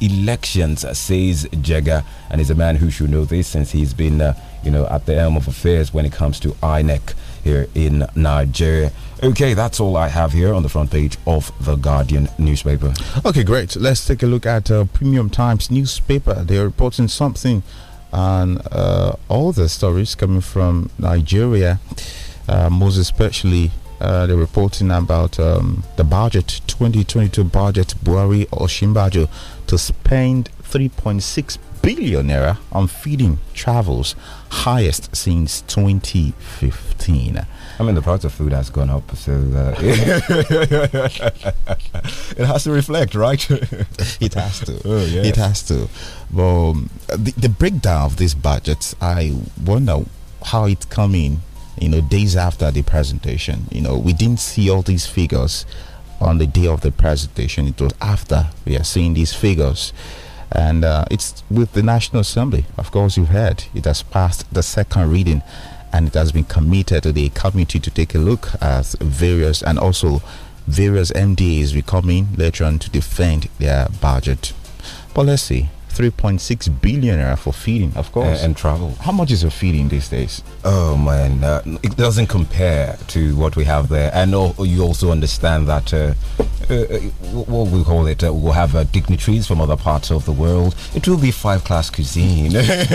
elections, says Jagger, and is a man who should know this since he's been, uh, you know, at the helm of affairs when it comes to INEC here in Nigeria. Okay, that's all I have here on the front page of the Guardian newspaper. Okay, great. Let's take a look at uh, Premium Times newspaper. They are reporting something on uh, all the stories coming from Nigeria, uh, most especially uh, they're reporting about um, the budget 2022 budget Buhari Oshimbajo to spend 3.6 billion naira on feeding travels, highest since 2015. I mean, the price of food has gone up, so uh, it has to reflect, right? it has to. Oh, yes. It has to. Well, um, the, the breakdown of this budget, I wonder how it coming, in. You know, days after the presentation, you know, we didn't see all these figures on the day of the presentation. It was after we are seeing these figures. And uh, it's with the National Assembly. Of course, you've heard it has passed the second reading and it has been committed to the committee to take a look at various and also various MDAs will come in later on to defend their budget. policy. 3.6 billion naira for feeding, of course. And, and, travel. How much is your feeding these days? Oh, man. Uh, it doesn't compare to what we have there. And uh, you also understand that. Uh, uh, uh what we call it, uh, we'll have dignitaries from other parts of the world. It will be five class cuisine. okay.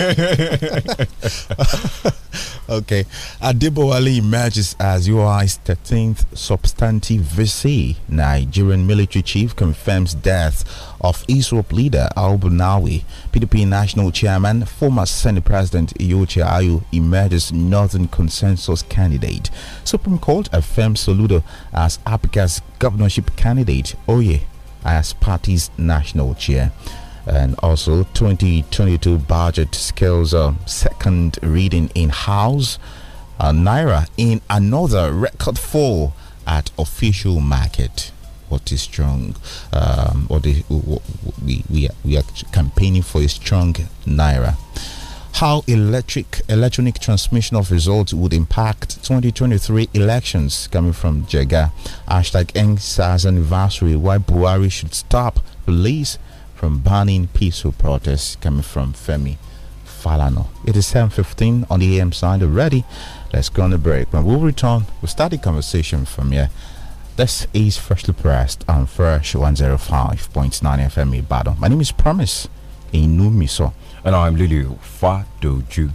Adibo Ali emerges as UI's 13th substantive VC. Nigerian military chief confirms death of ISWAP leader Al Bunawi. PDP national chairman, former Senate President Iyochi Ayu emerges Northern Consensus candidate. Supreme Court affirms Soludo as Africa's governorship candidate. Oye as party's national chair and also 2022 budget scales a second reading in house uh, naira in another record fall at official market what is strong, um, what, the, what we, we, are, we are campaigning for a strong Naira. How electric electronic transmission of results would impact 2023 elections coming from Jega. Hashtag NSAS anniversary. Why Buhari should stop police from banning peaceful protests coming from Femi Falano. It is 7.15 on the AM side already. Let's go on a break. When we we'll return, we'll start the conversation from here. This is Freshly Pressed on Fresh 105.9 FM Ibadan. My name is Promise Inumiso. And I'm Lulu Fadoju.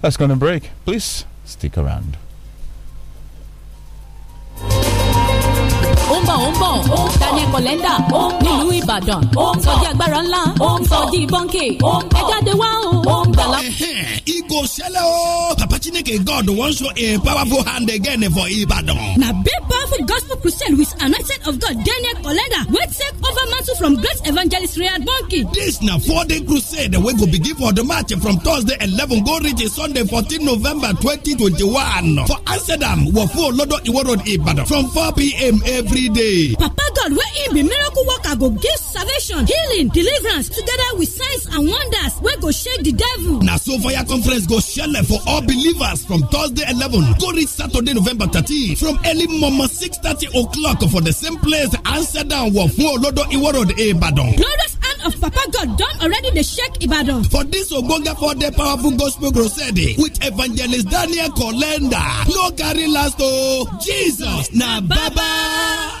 That's going to break. Please stick around. bọ̀ ó ń bọ̀ ó ń Daniel Kolenda ó ń nílùú Ìbàdàn ó ń sọjí agbára ńlá ó ń sọjí bọ́ńkì ó ń ẹ jáde wá o ó ń gbàlá. Igo ṣẹlẹ̀ o. Papa Chineke God wan show a powerful hand again for Ibadan. Na big powerful gospel crusade with anointing of God Daniel Kolenda wey take over mantle from great evangelist Riyad Bonki. Dis na four-day crusade wey go begin for the march from Thursday eleven go reach Sunday fourteen November twenty twenty one for Amsterdam, Wofo Olodo Iwo Road, Ibadan from four pm every day. Papa God wey im be miracle worker go give salvation, healing, deliverance together with signs and wonders wey go shake the devil. Na so fire conference go shele for all believers from Thursday eleven go reach Saturday November thirteen from early momo six thirty o'clock for the same place answer down wọ fún Olodo Iwo Road Ibadan. Glorious hand of Papa God don already dey shake Ibadan. For this ogbonge four-day powerful gospel crusade with evangelist Daniel Kolenda no carry last o oh, Jesus na baba.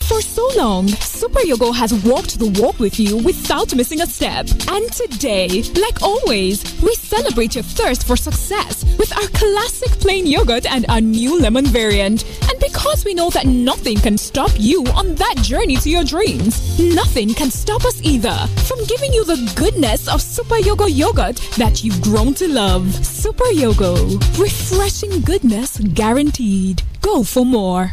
For so long, Super Yogo has walked the walk with you without missing a step. And today, like always, we celebrate your thirst for success with our classic plain yogurt and our new lemon variant. And because we know that nothing can stop you on that journey to your dreams, nothing can stop us either from giving you the goodness of Super Yogo yogurt that you've grown to love. Super Yogo, refreshing goodness guaranteed. Go for more.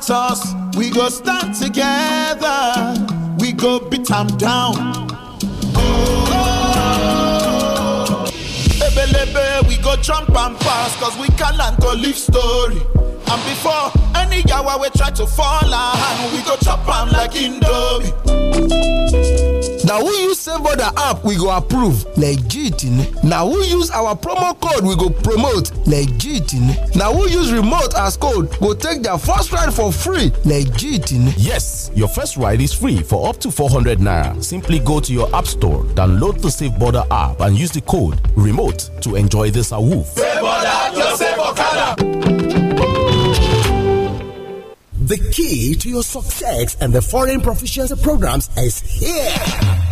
fight us, we go stand together. We go beat them down. Oh, oh we go jump and pass, cause we can't go live story. And before any yawa we try to fall on, we go chop like Indomie. use save border app we go approve legit Now we use our promo code we go promote legit Now we use remote as code go take their first ride for free legit Yes, your first ride is free for up to 400 naira. Simply go to your app store, download the Save Border app and use the code remote to enjoy this awoof. Save Border, your Save Okada. The key to your success and the foreign proficiency programs is here.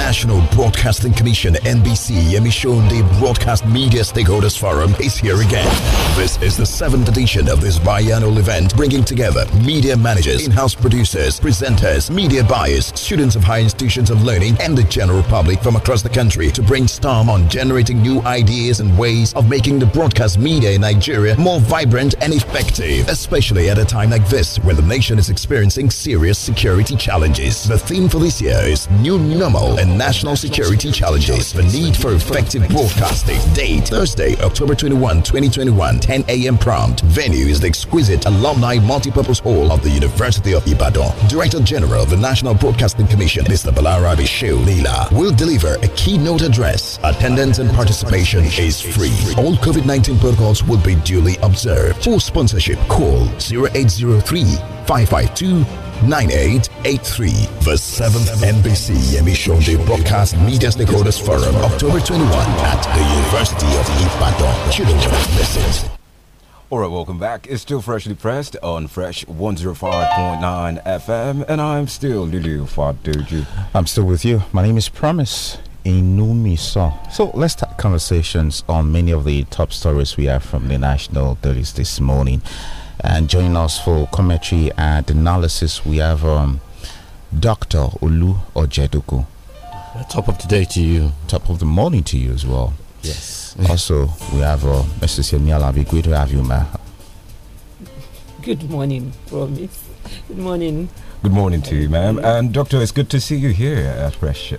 National Broadcasting Commission NBC De Broadcast Media Stakeholders Forum is here again. This is the seventh edition of this biennial event, bringing together media managers, in-house producers, presenters, media buyers, students of high institutions of learning, and the general public from across the country to brainstorm on generating new ideas and ways of making the broadcast media in Nigeria more vibrant and effective, especially at a time like this where the nation is experiencing serious security challenges. The theme for this year is New Normal and and national security challenges. The need for effective broadcasting. Date Thursday, October 21, 2021, 10 a.m. prompt. Venue is the exquisite Alumni Multipurpose Hall of the University of Ibadan. Director General of the National Broadcasting Commission, Mr. Balarabi Shew Lila, will deliver a keynote address. Attendance and participation is free. All COVID 19 protocols will be duly observed. For sponsorship, call 0803 552 9883. The 7th NBC Emisionde Broadcast Media Stakeholders Forum, October 21 at the University of Ibadan. Children's Message. All right, welcome back. It's still freshly pressed on Fresh 105.9 FM, and I'm still Lulu Fadoju. I'm still with you. My name is Promise Inumisa. So let's start conversations on many of the top stories we have from the national dailies this morning. And joining us for commentary and analysis, we have um, Dr. Ulu Ojedoku. Top of the day to you. Top of the morning to you as well. Yes. also, we have uh, Mr. Semialavi. Great to have you, ma. Good morning, promise. Good morning. Good morning to you, ma'am. And, doctor, it's good to see you here at Fresh.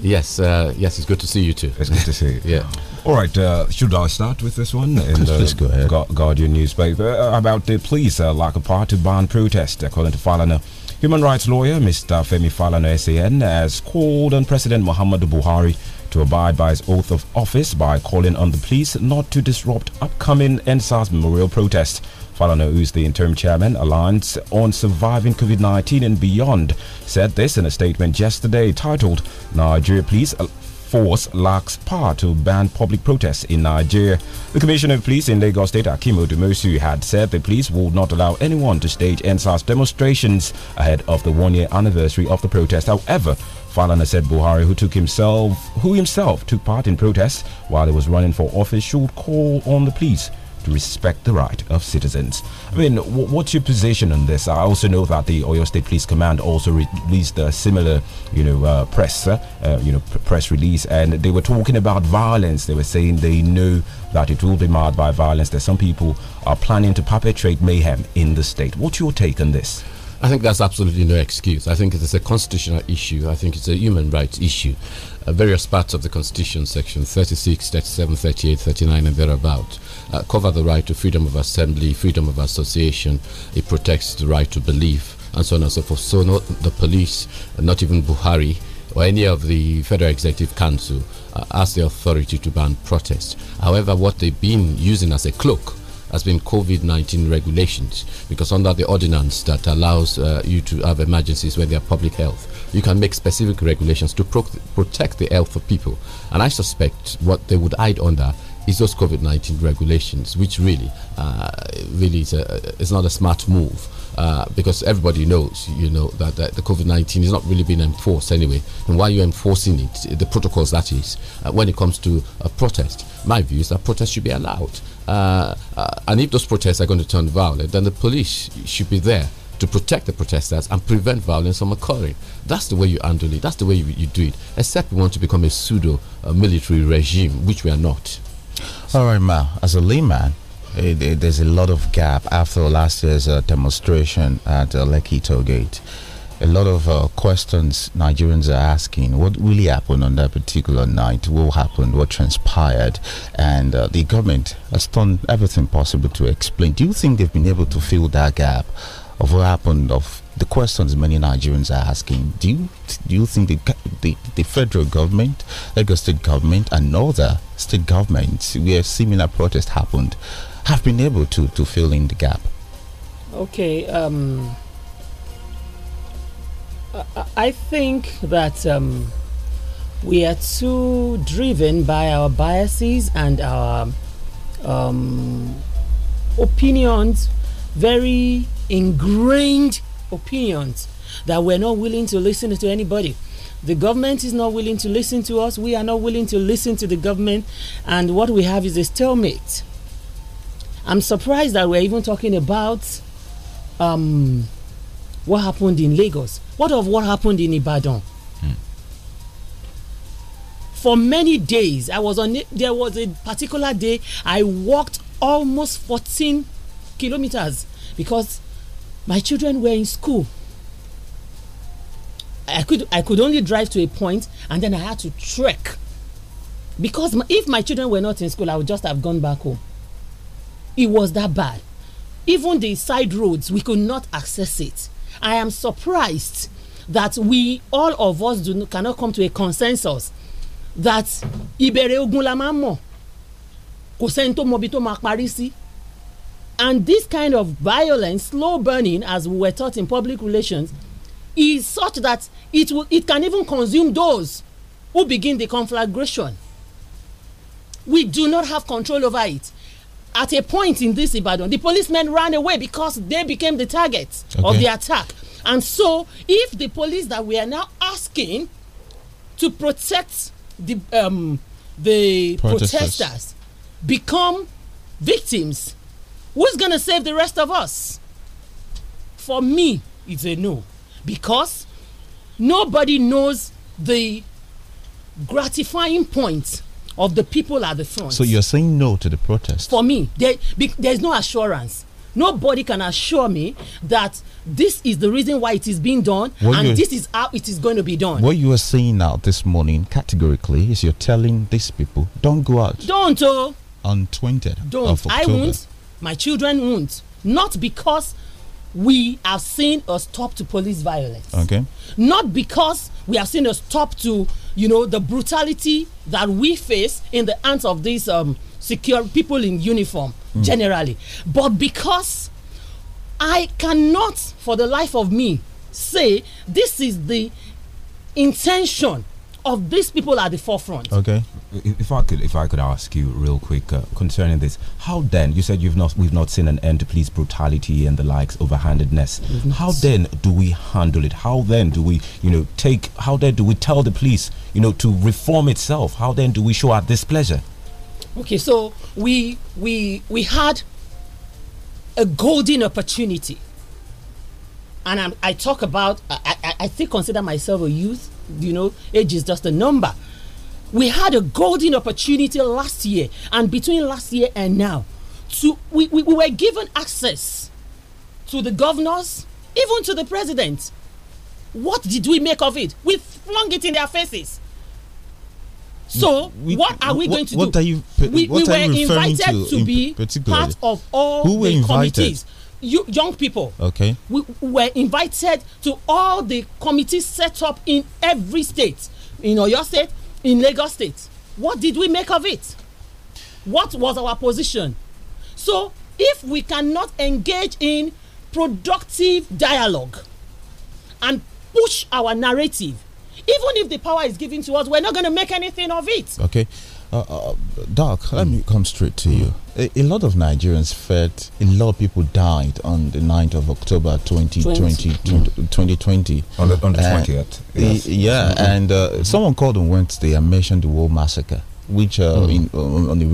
Yes, uh, yes, it's good to see you too. It's good to see you. yeah. All right, uh, should I start with this one? In the Let's go ahead. Guardian newspaper uh, about the police uh, lack of power to ban protest, according to Falana. Human rights lawyer Mr. Femi Falana SAN has called on President Muhammad Buhari to abide by his oath of office by calling on the police not to disrupt upcoming NSAS memorial protest. Falano, who is the interim chairman, Alliance on Surviving COVID 19 and Beyond, said this in a statement yesterday titled Nigeria Police Force lacks power to ban public protests in Nigeria. The Commissioner of Police in Lagos State, Akimo Dumosu, had said the police would not allow anyone to stage NSAS demonstrations ahead of the one year anniversary of the protest. However, Falana said Buhari, who took himself, who himself took part in protests while he was running for office, should call on the police respect the right of citizens. I mean, what's your position on this? I also know that the Oyo State Police Command also released a similar, you know, uh, press, uh, uh you know, press release, and they were talking about violence. They were saying they know that it will be marred by violence. That some people are planning to perpetrate mayhem in the state. What's your take on this? I think that's absolutely no excuse. I think it's a constitutional issue. I think it's a human rights issue. Uh, various parts of the Constitution, section 36, 37, 38, 39, and thereabout, uh, cover the right to freedom of assembly, freedom of association. It protects the right to belief, and so on and so forth. So, not the police, not even Buhari or any of the Federal Executive Council uh, the authority to ban protest. However, what they've been using as a cloak has been COVID 19 regulations because under the ordinance that allows uh, you to have emergencies when they are public health, you can make specific regulations to pro protect the health of people. And I suspect what they would hide under it's those COVID 19 regulations, which really, uh, really is a, not a smart move. Uh, because everybody knows, you know, that, that the COVID 19 is not really being enforced anyway. And why you enforcing it, the protocols that is, uh, when it comes to a protest, my view is that protests should be allowed. Uh, uh and if those protests are going to turn violent, then the police should be there to protect the protesters and prevent violence from occurring. That's the way you handle it, that's the way you, you do it, except we want to become a pseudo uh, military regime, which we are not. All right, Ma. As a layman, it, it, there's a lot of gap after last year's uh, demonstration at uh, Lekki Gate. A lot of uh, questions Nigerians are asking. What really happened on that particular night? What happened? What transpired? And uh, the government has done everything possible to explain. Do you think they've been able to fill that gap of what happened of the questions many Nigerians are asking. Do you do you think the the, the federal government, Lagos state government, and other state governments where similar protests happened, have been able to to fill in the gap? Okay. Um, I, think that um, we are too driven by our biases and our um, opinions, very ingrained opinions, that we're not willing to listen to anybody. The government is not willing to listen to us. We are not willing to listen to the government. And what we have is a stalemate. I'm surprised that we're even talking about um, what happened in Lagos. What of what happened in Ibadan? Hmm. For many days, I was on. There was a particular day I walked almost 14 kilometers because my children were in school i could i could only drive to a point and then i had to trek because my, if my children were not in school i would just have gone back home it was that bad even the side roads we could not access it i am surprised that we all of us do cannot come to a consensus that ìbẹ̀rẹ̀ ogun la mọ̀ kò tó mọ ibi tó and this kind of violence, slow burning, as we were taught in public relations, is such that it will it can even consume those who begin the conflagration. We do not have control over it. At a point in this Ibadan, the policemen ran away because they became the target okay. of the attack. And so, if the police that we are now asking to protect the um, the protesters. protesters become victims Who's going to save the rest of us? For me, it's a no. Because nobody knows the gratifying point of the people at the front. So you're saying no to the protest? For me, there, there's no assurance. Nobody can assure me that this is the reason why it is being done what and this is how it is going to be done. What you are saying now this morning, categorically, is you're telling these people, don't go out. Don't, oh. On 20th. Don't. Of October. I won't my children won't. Not because we have seen a stop to police violence. Okay. Not because we have seen a stop to, you know, the brutality that we face in the hands of these um, secure people in uniform mm. generally, but because I cannot, for the life of me, say this is the intention of these people at the forefront. Okay. If I could, if I could ask you real quick uh, concerning this, how then you said you've not, we've not seen an end to police brutality and the likes, overhandedness. How then do we handle it? How then do we, you know, take? How then do we tell the police, you know, to reform itself? How then do we show our displeasure? Okay, so we we we had a golden opportunity, and I'm, i talk about I, I, I still consider myself a youth you know, age is just a number. We had a golden opportunity last year, and between last year and now, to we, we, we were given access to the governors, even to the president. What did we make of it? We flung it in their faces. So we, what are we what, going to what do? Are you, we, we were invited to, to be part of all Who the invited? committees you, young people. Okay. We were invited to all the committees set up in every state, in Oyo State, in Lagos State. What did we make of it? What was our position? So, if we cannot engage in productive dialogue and push our narrative, even if the power is given to us, we're not going to make anything of it. Okay. Uh, uh, Doc, mm. let me come straight to mm. you. A, a, lot of Nigerians felt a lot of people died on the 9th of October 2020. 20. 2020. Mm. On the, on the 20th. Uh, yes. Yeah, mm -hmm. and uh, someone called on Wednesday and mentioned the war massacre, which uh, hmm. in, on the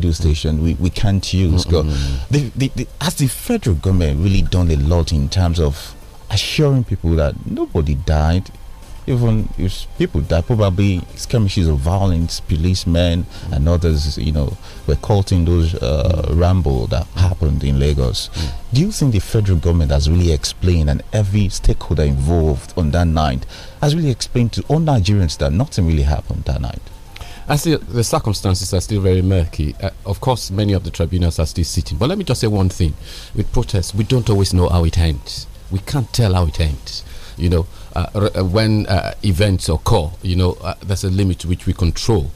radio station we, we can't use. Mm -mm. The, the, the, has the federal government really done a lot in terms of assuring people that nobody died? Even if people died, probably skirmishes of violence, policemen mm. and others, you know, were caught in those uh, ramble that happened in Lagos. Mm. Do you think the federal government has really explained, and every stakeholder involved on that night has really explained to all Nigerians that nothing really happened that night? I see the circumstances are still very murky. Uh, of course, many of the tribunals are still sitting. But let me just say one thing: with protests, we don't always know how it ends. We can't tell how it ends. You know, uh, uh when uh, events occur, you know, uh, there's a limit to which we control.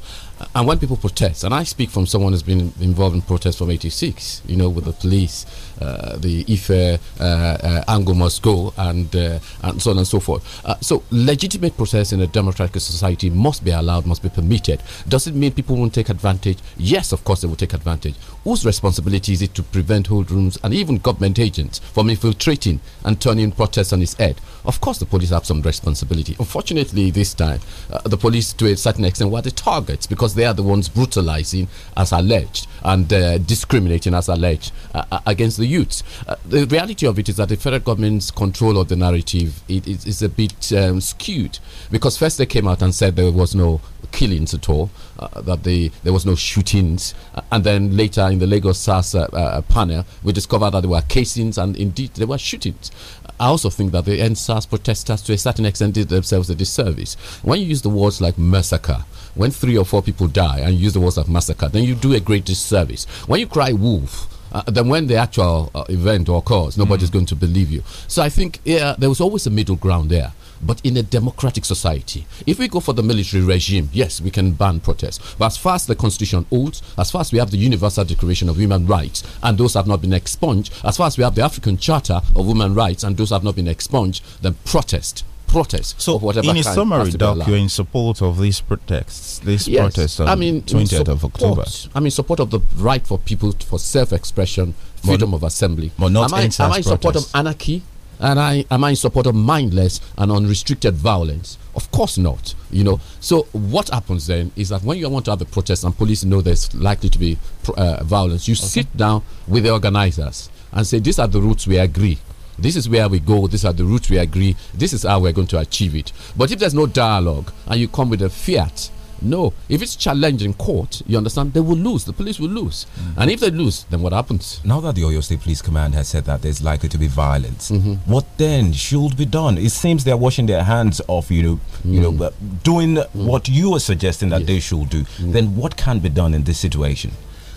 And when people protest, and I speak from someone who's been involved in protests from '86, you know, with the police uh, the IFE uh, uh, angle must go, and and so on and so forth. so legitimate process in a democratic society must be allowed, must be permitted. Does it mean people won't take advantage? Yes, of course they will take advantage. Whose responsibility is it to prevent hold rooms and even government agents from infiltrating and turning protests on its head? Of course, the police have some responsibility. Unfortunately, this time, uh, the police, to a certain extent, were the targets because they are the ones brutalizing, as alleged, and uh, discriminating, as alleged, uh, against the youths. Uh, the reality of it is that the federal government's control of the narrative it, it, is a bit um, skewed because first they came out and said there was no killings at all, uh, that there was no shootings. Uh, and then later in the Lagos SARS uh, uh, panel, we discovered that there were casings and indeed there were shootings. I also think that the NSAS protesters, to a certain extent, did themselves a disservice. When you use the words like massacre, when three or four people die and you use the words like massacre, then you do a great disservice. When you cry wolf, uh, then when the actual uh, event occurs, nobody's mm. going to believe you. So I think yeah, there was always a middle ground there. But in a democratic society, if we go for the military regime, yes, we can ban protests. But as far as the constitution holds, as far as we have the Universal Declaration of Human Rights, and those have not been expunged, as far as we have the African Charter of Human Rights, and those have not been expunged, then protest protest. So, in a summary, Doc, you're in support of these protests, these yes. protests on I mean, 20th support, of October. I mean, support of the right for people for self-expression, freedom but, of assembly. But not am I, am I in support of anarchy? And I am I in support of mindless and unrestricted violence? Of course not. You know. So what happens then is that when you want to have a protest and police know there's likely to be uh, violence, you okay. sit down with the organizers and say these are the routes we agree this is where we go. These are the routes we agree. This is how we're going to achieve it. But if there's no dialogue and you come with a fiat, no. If it's challenging court, you understand, they will lose. The police will lose. Mm -hmm. And if they lose, then what happens? Now that the Oyo State Police Command has said that there's likely to be violence, mm -hmm. what then should be done? It seems they're washing their hands off, you know, mm. you know, mm-hmm. doing mm-hmm. what you are suggesting that yes. they should do. Mm-hmm. Then what can be done in this situation?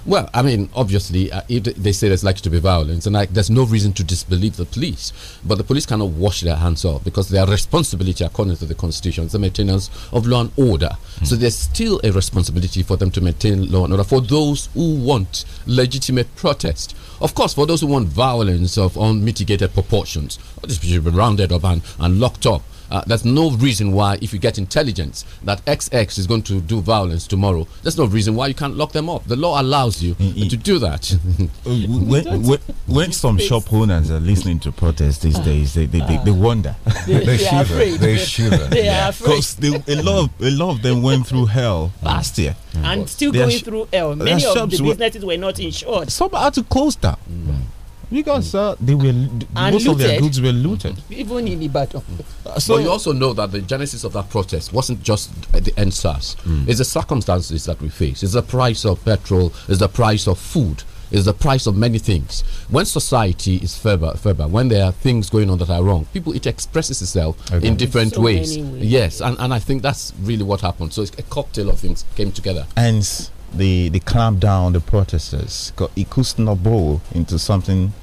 Well, I mean, obviously, uh, if they say there's likely to be violence, and like, there's no reason to disbelieve the police, but the police cannot wash their hands off because their responsibility, according to the constitution, is the maintenance of law and order. Mm So there's still a responsibility for them to maintain law and order for those who want legitimate protest. Of course, for those who want violence of unmitigated proportions, they people should be rounded up and, and locked up. Uh, there's no reason why, if you get intelligence that XX is going to do violence tomorrow, there's no reason why you can't lock them up. The law allows you mm, mm. to do that. Uh, when, when, when some shop owners are listening to protests these ah. days, they, they, they, they ah. wonder. They, shiver. They shiver. are Because a, lot a lot of them went through hell last year. And mm. still going through hell. Many of the businesses were, were not insured. Some had to close down. Mm. Because hmm. uh, they were most looted. of their goods were looted, even in Ibadan. Uh, so but you also know that the genesis of that protest wasn't just the NSAS. Mm. It's the circumstances that we face. It's the price of petrol. It's the price of food is the price of many things. When society is fervor, fervor, when there are things going on that are wrong, people it expresses itself okay. in different so ways. ways. Yes, and, and I think that's really what happened. So it's a cocktail of things came together. And the the clamp down the protesters. It could snowball into something.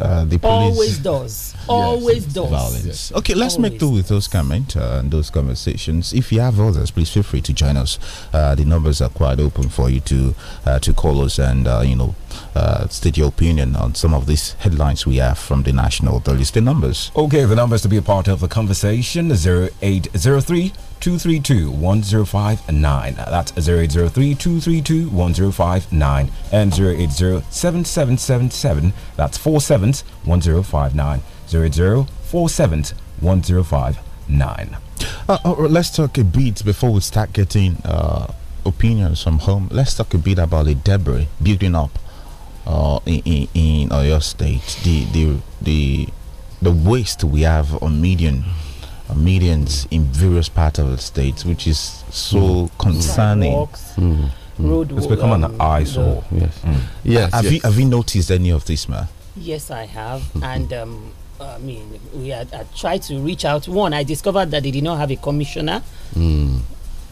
Uh, the police always does. always yes, does. Violence. Yes. Okay, let's always. make do with those comments uh, and those conversations. If you have others, please feel free to join us. Uh, the numbers are quite open for you to uh, to call us and uh, you know uh, state your opinion on some of these headlines we have from the national. The listed numbers. Okay, the numbers to be a part of the conversation: zero eight zero three. 232 That's 0803 and 080 That's 47 1059. 080 47 1059. Uh, uh, let's talk a bit before we start getting uh, opinions from home. Let's talk a bit about the debris building up uh, in, in, in Oyo State. The, the, the, the waste we have on median. Uh, Medians in various parts of the state, which is so mm. concerning. Mm. Mm. It's become an eyesore. Yes. Mm. Yes. Have yes. you have you noticed any of this, ma? Yes, I have, mm-hmm. and um, I mean, we had, tried to reach out. One, I discovered that they did not have a commissioner. Mm.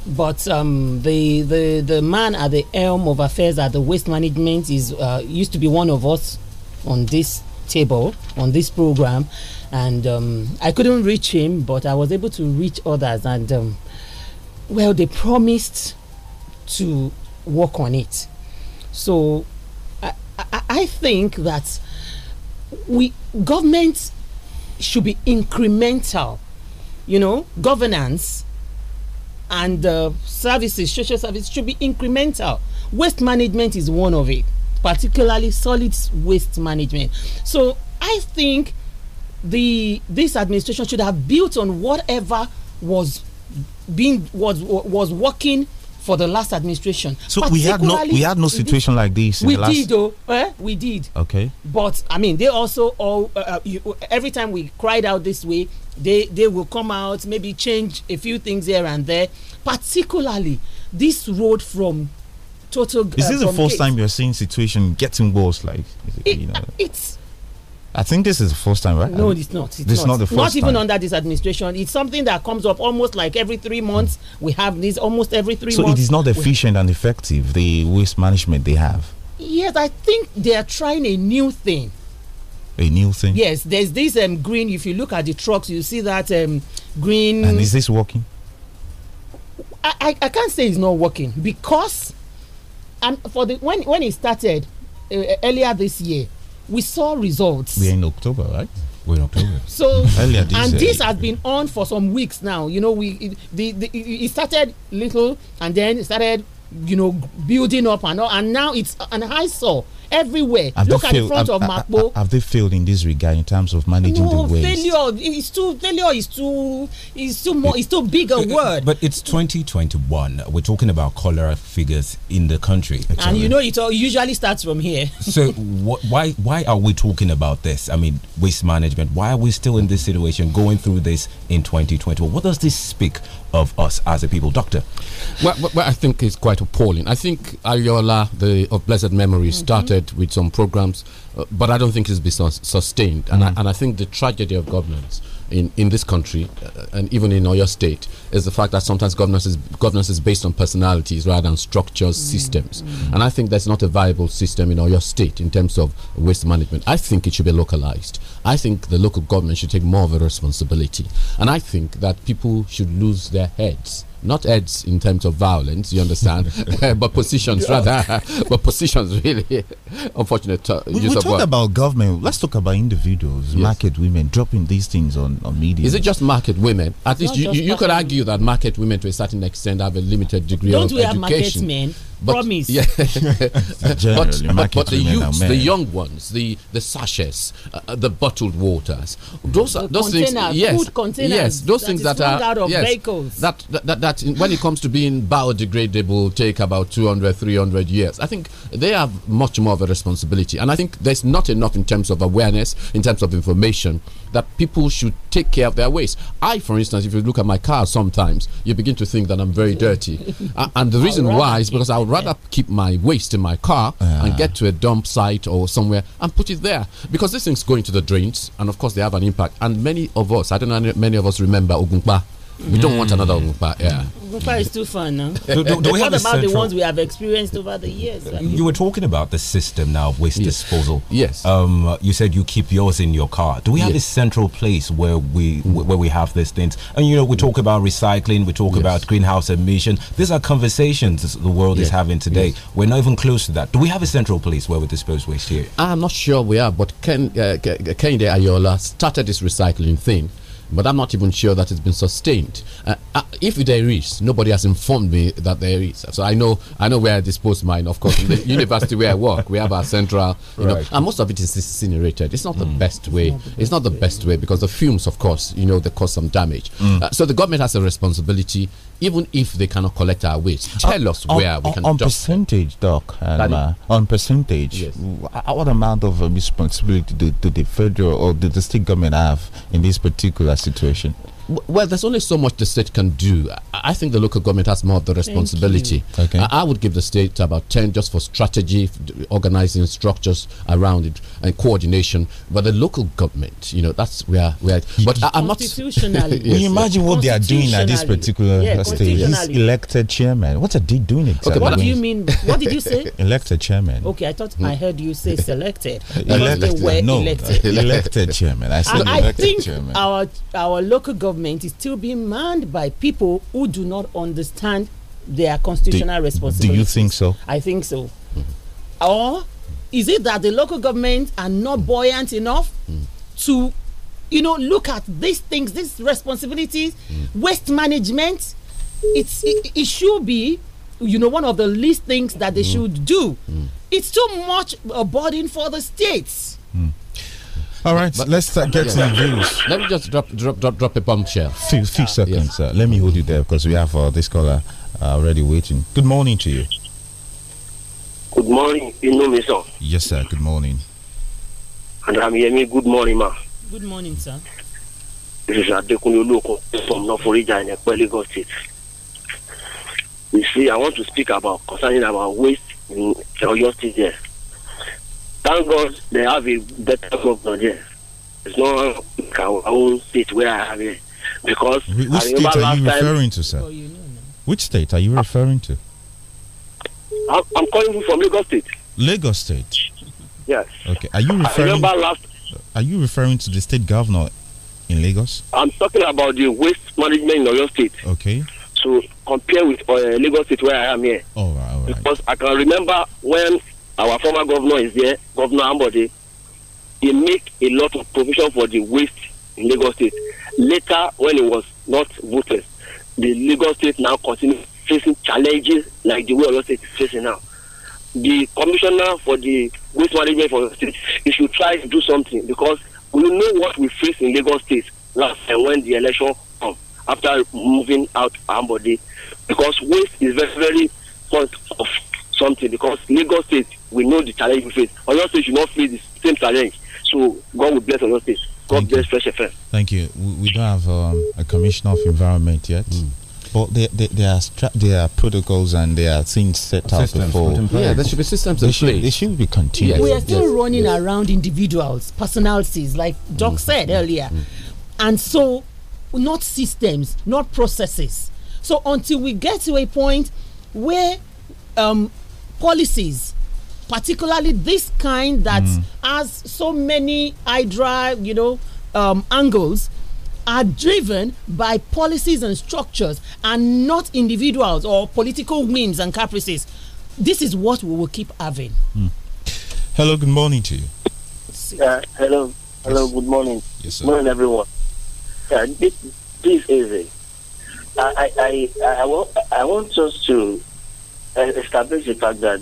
But um, the, the the man at the helm of affairs at the waste management is uh, used to be one of us on this table on this program, and um, I couldn't reach him, but I was able to reach others. And um, well, they promised to work on it. So I, I, I think that we government should be incremental. You know, governance and uh, services, social services should be incremental. Waste management is one of it, particularly solid waste management. So I think the this administration should have built on whatever was being was was working for the last administration. So we had no we had no situation like this. we did though. Eh? We did. Okay. But I mean, they also all uh, uh, you, every time we cried out this way, they they will come out maybe change a few things here and there. Particularly this road from total. is uh, this the first time you're seeing situation getting worse? Like it, you know? it's I think this is the first time, right? No, it's not. It's, it's not. not. the first Not even time. under this administration. It's something that comes up almost like every three months. We have this almost every three so months. it is not efficient and effective, the waste management they have. Yes, I think they are trying a new thing. A new thing? Yes, there's this um, green. If you look at the trucks, you see that um, green. And is this working? I, I, I can't say it's not working because and um, for the when, when it started uh, earlier this year, we saw results. We're in October, right? We're in October. So earlier this and this has been on for some weeks now. You know, we it, the, the it started little and then it started you know building up and all, and now it's an saw everywhere. Have Look at the front have, of Mapo. Have they failed in this regard in terms of managing no, the waste? failure is too failure is too is too more it, is too big a it, word. But it's 2021. We're talking about cholera figures in the country, and you know it all usually starts from here. so wh why why are we talking about this? I mean, waste management. Why are we still in this situation, going through this in 2020? What does this speak of us as a people, Doctor? Well, I think is quite appalling. I think Ariola, the of blessed memory, mm -hmm. started with some programs, uh, but I don't think it's been sustained. And, mm -hmm. I, and I think the tragedy of governance in, in this country uh, and even in your state is the fact that sometimes governance is, governance is based on personalities rather than structures, mm. systems. Mm. And I think that's not a viable system in your state in terms of waste management. I think it should be localized. I think the local government should take more of a responsibility. And I think that people should lose their heads not heads in terms of violence, you understand, but positions rather, but positions really. Unfortunate. Uh, we, we talked word. about government. Let's talk about individuals, yes. market women, dropping these things on, on media. Is it just market women? At least you, you, you could argue that market women, to a certain extent, have a limited degree Don't of education. Don't we have market men? but, promise. Yeah. but, but, but the youths, the young ones, the the sachets, uh, uh the bottled waters, those the those things, yes, yes, those things that are yes, that, that, that that when it comes to being biodegradable, take about 200, 300 years. I think they have much more of a responsibility, and I think there's not enough in terms of awareness, in terms of information that people should take care of their waste. I, for instance, if you look at my car, sometimes you begin to think that I'm very dirty, uh, and the reason right. why is because I'll rather keep my waste in my car yeah. and get to a dump site or somewhere and put it there because these things go into the drains and of course they have an impact. And many of us, I don't know, many of us remember Ogunpa we don't want another Ogunpa. Yeah. Ogunpa is too fun now. what about the ones we have experienced over the years? I mean? You were talking about the system now of waste yes. disposal. Yes. Um, you said you keep yours in your car. Do we yes. have a central place where we where we have these things? And you know, we talk about recycling, we talk yes. about greenhouse emission. These are conversations the world is having today. We're not even close to that. Do we have a central place where we dispose waste here? I'm not sure we are, but Ken uh, Kende Ayola started this recycling thing but I'm not even sure that it's been sustained. Uh, uh, if there is, nobody has informed me that there is. So I know I know where I dispose mine. Of course, in the university where I work, we have our central. You right. know, and most of it is incinerated. It's not mm. the best way. It's not the best, not the best way. because the fumes, of course, you know, they cause some damage. Mm. Uh, so the government has a responsibility, even if they cannot collect our waste. Uh, Tell us where on, we can. On percentage, Doc. Um, uh, on percentage, yes. what amount of responsibility do, do the federal or do the state government have in this particular? situation well, there's only so much the state can do. I think the local government has more of the responsibility. Okay. I, would give the state about 10 just for strategy, organizing structures around it, and coordination. But the local government, you know, that's where we are. But I, am not. Constitutionally. yes, you imagine what they are doing at this particular yeah, state. This elected chairman. What are they doing exactly? Okay, what do you mean? What did you say? elected chairman. Okay, I thought I heard you say selected. elected. They were no, elected. elected chairman. I said I, elected I think chairman. Our, our local government government is still being manned by people who do not understand their constitutional do, responsibility. Do you think so? I think so. Mm. Or is it that the local governments are not buoyant enough mm. to, you know, look at these things, these responsibilities, mm. waste management? It's it, it, should be, you know, one of the least things that they mm. should do. Mm. It's too much a burden for the states. Mm. All right, but, let's start getting yeah. views. Let me just drop drop drop, drop a bombshell. Few few ah, seconds. Yes. Uh, let me hold you there because we have uh, this caller uh, already waiting. Good morning to you. Good morning, you Yes, sir. Good morning. And I'm Yemi. Good morning, ma. Good morning, sir. This is Adekunle Olokun from North Florida in Lagos State. You see, I want to speak about concerning about waste in Oyo State there. Thank God they have a better governor here. It's not like our own state where I have it. Because Which state are you referring time, to, sir? Which state are you referring to? I'm, calling you from Lagos State. Lagos State? Yes. Okay. Are you referring? Last, are you referring to the state governor in Lagos? I'm talking about the waste management in Lagos State. Okay. To so compare with uh, Lagos State where I am here. All right, all right. Because I can remember when our former governor is there, Governor Ambode. He make a lot of provision for the waste in Lagos State. Later, when it was not voted, the Lagos State now continues facing challenges like the way Lagos State is facing now. The commissioner for the waste management for the state, he should try to do something because we know what we face in Lagos State last time when the election come after moving out Ambode because waste is very very point of something because Lagos State we know the challenge we face. Oyo State should not face the same challenge. So God will bless Oyo State. God Thank bless Fresh FM. Thank you. We, we don't have um, a commissioner of environment yet. Mm. But there, there, there, are there are protocols and there are things set systems out before. Yeah, there should be systems in should, place. They should be continued. Yes, we are still yes, running yes. around individuals, personalities, like Doc mm. said mm. earlier. Mm. And so, not systems, not processes. So, until we get to a point where um, policies particularly this kind that mm. has so many hydra, you know, um, angles are driven by policies and structures and not individuals or political whims and caprices. This is what we will keep having. Mm. Hello, good morning to you. Uh, hello, hello, yes. good morning. Yes, sir. Morning, everyone. Uh, this, this is it. I, I, I, I, want, I want us to uh, establish the fact that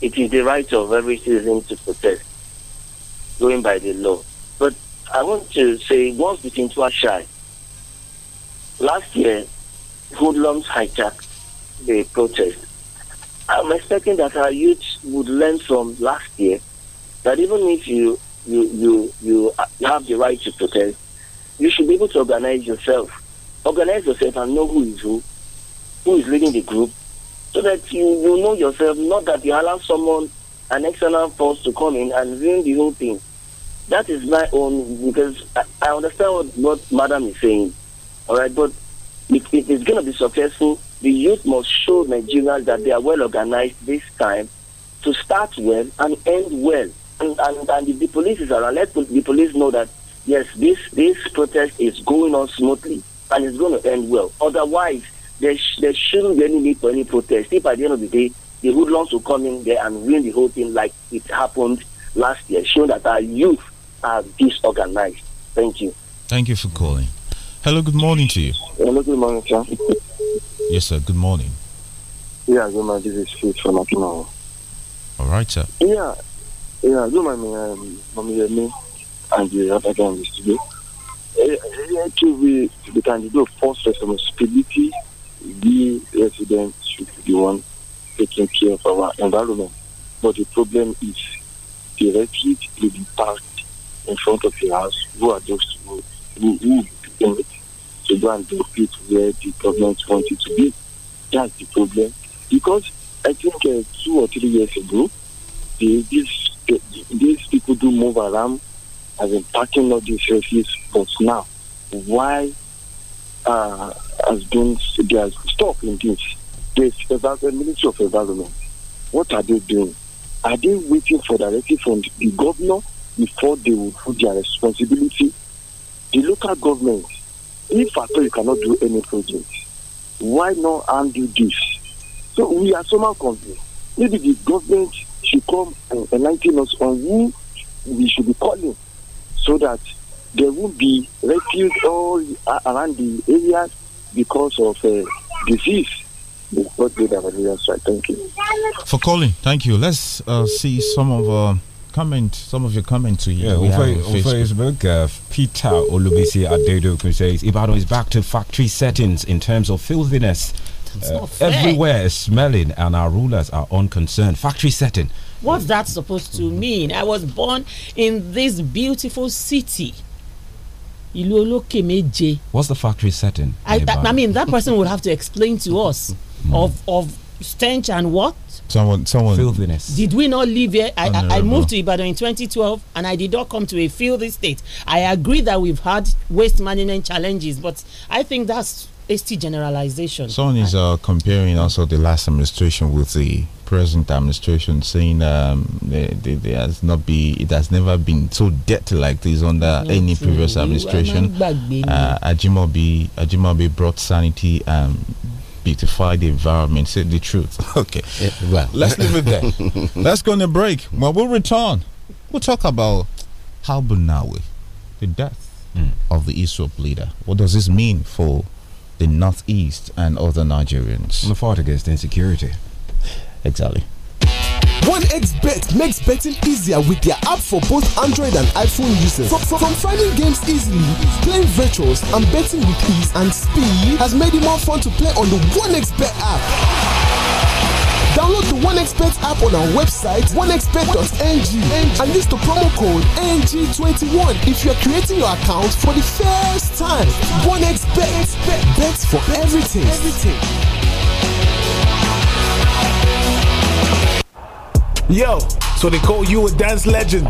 it is the right of every citizen to protest, going by the law. But I want to say once between two are shy. Last year, hoodlums hijacked the protest. I'm expecting that our youth would learn from last year that even if you you you you have the right to protest, you should be able to organize yourself. Organize yourself and know who is who, who is leading the group, so that you, you know yourself, not that you allow someone, an external force to come in and ruin the whole thing. That is my own, because I, I understand what, what Madam is saying, all right, but if it is going to be successful. The youth must show Nigerians that they are well organized this time to start well and end well. And, and, and if the police is around, let the police know that, yes, this, this protest is going on smoothly and it's going to end well. Otherwise, there, sh there shouldn't be any need for any protest. If at the end of the day, the hoodlums will come in there and win the whole thing like it happened last year, showing that our youth are disorganized. Thank you. Thank you for calling. Hello, good morning to you. Hello, good morning, sir. yes, sir, good morning. Yeah, good morning. This is Faith from Akinawa. All right, sir. Yeah, yeah, good morning, um, Mommy Yemi and the African in the studio. Uh, to be the candidate of forced responsibility the residents should be the one taking care of our environment. But the problem is the refuse will be parked in front of your house. Who are those who, who, who it to go and dump it where the government wants it to be? That's the problem. Because I think uh, two or three years ago, the, these, the, these people do move around as in parking all these refuse. But now, why uh, has been they are in this. This Ministry of Environment, what are they doing? Are they waiting for directive from the governor before they will put their responsibility? The local government, if at all you cannot do any project, why not undo this? So we are somehow confused. Maybe the government should come and enlighten us on who we should be calling so that there will be refuse all around the areas because of uh, disease. Thank you for calling. Thank you. Let's uh, see some of uh, comment, some of your comments to you. Yeah, on, Facebook, uh, Peter Olubisi Adedoku says Ibadan is back to factory settings in terms of filthiness. Uh, everywhere is smelling, and our rulers are unconcerned. Factory setting. What's that supposed to mean? I was born in this beautiful city ìlú olókè méje. what's the factory setting. I, I mean that person would have to explain to us hmm. of of stench and what. Someone, someone. Filthiness. Did we not live here? I, I, I, moved to Ibadan in 2012 and I did not come to a filthy state. I agree that we've had waste management challenges, but I think that's hasty generalization. Someone is uh, comparing also the last administration with the present administration, saying um, there has not be it has never been so dirty like this under any previous administration. Uh, Ajimobi Ajimobi brought sanity and um, beautify the environment. Said the truth. okay, yeah, well, let's leave it there. let's go on a break. Well, we will return, we'll talk about Halbunawi, the death mm. of the ISOP leader. What does this mean for the Northeast and other Nigerians. the fight against insecurity. Exactly. 1xBet makes betting easier with their app for both Android and iPhone users. From, from, from, finding games easily, playing virtuals, and betting with ease and speed has made it more fun to play on the 1xBet app. Download the OneXpert app on our website, onexpert.ng, and use the promo code NG21 if you are creating your account for the first time. OneXpert, bets for everything. Yo, so they call you a dance legend.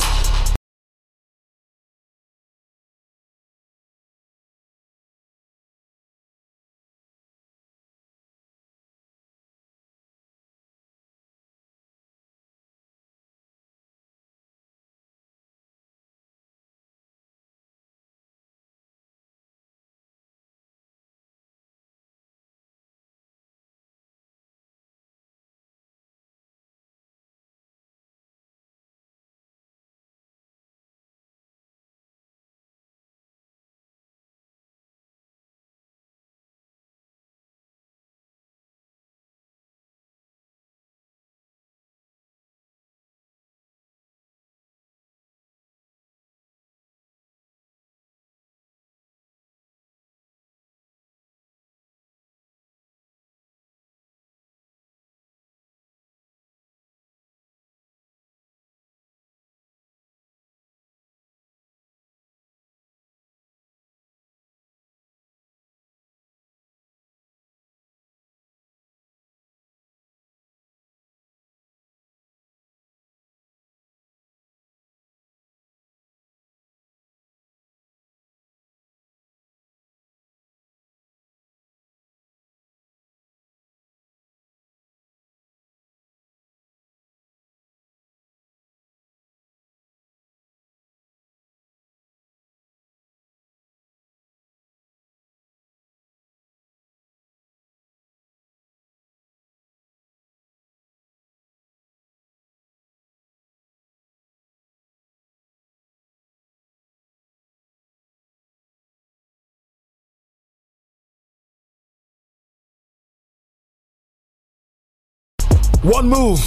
One move,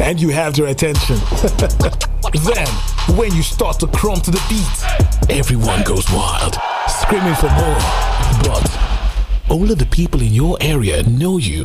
and you have their attention. then, when you start to crumb to the beat, everyone goes wild, screaming for more. But all of the people in your area know you.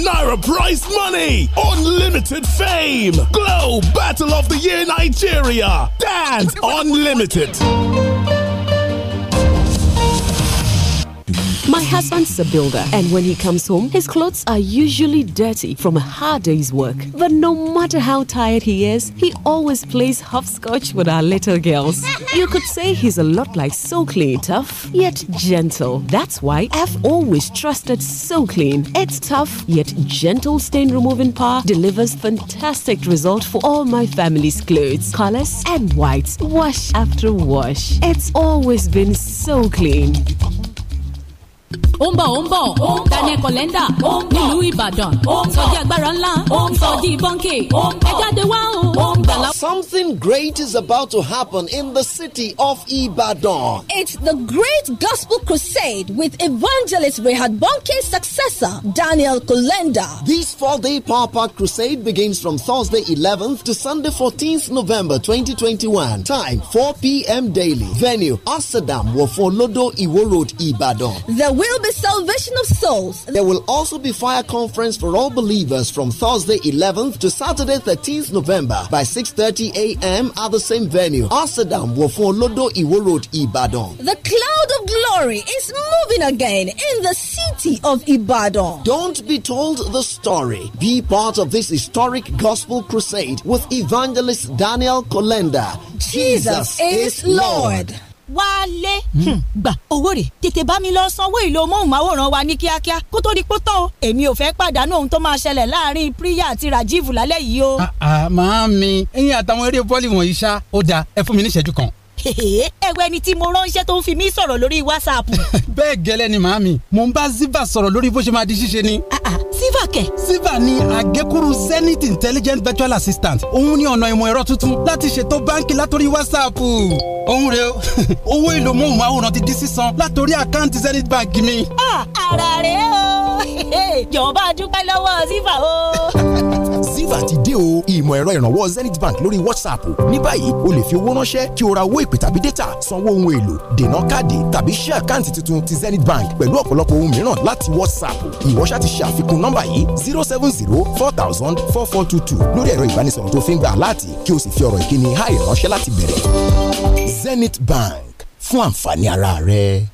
Naira prize money, unlimited fame, Glow Battle of the Year Nigeria, Dance Unlimited. My husband's a builder, and when he comes home, his clothes are usually dirty from a hard day's work. But no matter how tired he is, he always plays hopscotch with our little girls. You could say he's a lot like So Clean, tough yet gentle. That's why I've always trusted So Clean. It's tough yet gentle stain removing power delivers fantastic results for all my family's clothes, colors, and whites. Wash after wash. It's always been so clean you ó ń bọ̀ ó ń bọ̀ Daniel Kolenda nílùú Ìbàdàn sọjí agbára ńlá sọjí bọ́ńkì ẹ jáde wá o. Something great is about to happen in the city of Ibadan. It's the Great Gospel Crusade with evangelist Rehad Bonke's successor, Daniel Kolenda. This four day power packed crusade begins from Thursday 11th to Sunday 14th November 2021. Time 4 p.m. daily. Venue Amsterdam, Wofolodo Iwo Road, Ibadan. There will be salvation of souls. There will also be fire conference for all believers from Thursday 11th to Saturday 13th November by 6:30 a.m. at the same venue. Asadam Wofo Iwo Road, Ibadan. The cloud of glory is moving again in the city of Ibadan. Don't be told the story. Be part of this historic gospel crusade with evangelist Daniel Kolenda. Jesus, Jesus is Lord. Lord. wálé hmm. Hmm, gbà owó rẹ̀ tètè bá mi lọ sanwó ìlò móhùnmáwòrán wa ní kíákíá kó tó di pé tán o èmi ò fẹ́ pàdánù ohun tó máa ṣẹlẹ̀ láàrin Priya àti Rajiv lálẹ́ yìí o. Ah, ah, màámi ẹ̀yin àtàwọn eré bọ́ọ̀lì wọ̀nyí ṣá ó dáa ẹ fún mi ní ìṣẹ́jú kan ẹ̀wẹ̀ ni tí mo ránṣẹ́ tó ń fi mí sọ̀rọ̀ lórí whatsapp. bẹ́ẹ̀ gẹ́lẹ́ ni màámi mo ń bá ziva sọ̀rọ̀ lórí bó ṣe máa di ṣíṣe ni. Ah, ah, ziva kẹ̀. ziva ni àgékúrú zenith intelligent virtual assistant òun ni ọ̀nà ìmọ̀ ẹ̀rọ tuntun láti ṣètò báńkì látòrí whatsapp. òun rè o owó èlò móhùnmáwòrán ti di sísan látòrí àkáǹtì zenith bank mi. Ah, ara rẹ̀ o jọ̀ọ́ bá dúpẹ́ lọ́wọ́ ziva o giva ti dé o ìmọ̀ ẹ̀rọ ìrànwọ́ zenith bank lórí whatsapp ní báyìí o lè fi owó ránṣẹ́ kí o ra owó ìpè tàbí data sanwó ohun èlò dènà káàdì tàbí ṣí àkáǹtì tuntun ti zenith bank pẹ̀lú ọ̀pọ̀lọpọ̀ ohun mìíràn láti whatsapp ìwọ ṣá ti ṣe àfikún nọ́mbà yìí zero seven zero four thousand four four two two lórí ẹ̀rọ ìbánisọ̀rọ̀ tó fi ń gbà láti kí o sì fi ọ̀rọ̀ ìkíni háì ránṣẹ́ láti bẹ̀rẹ̀ zenith bank fún àǹfààní ara rẹ.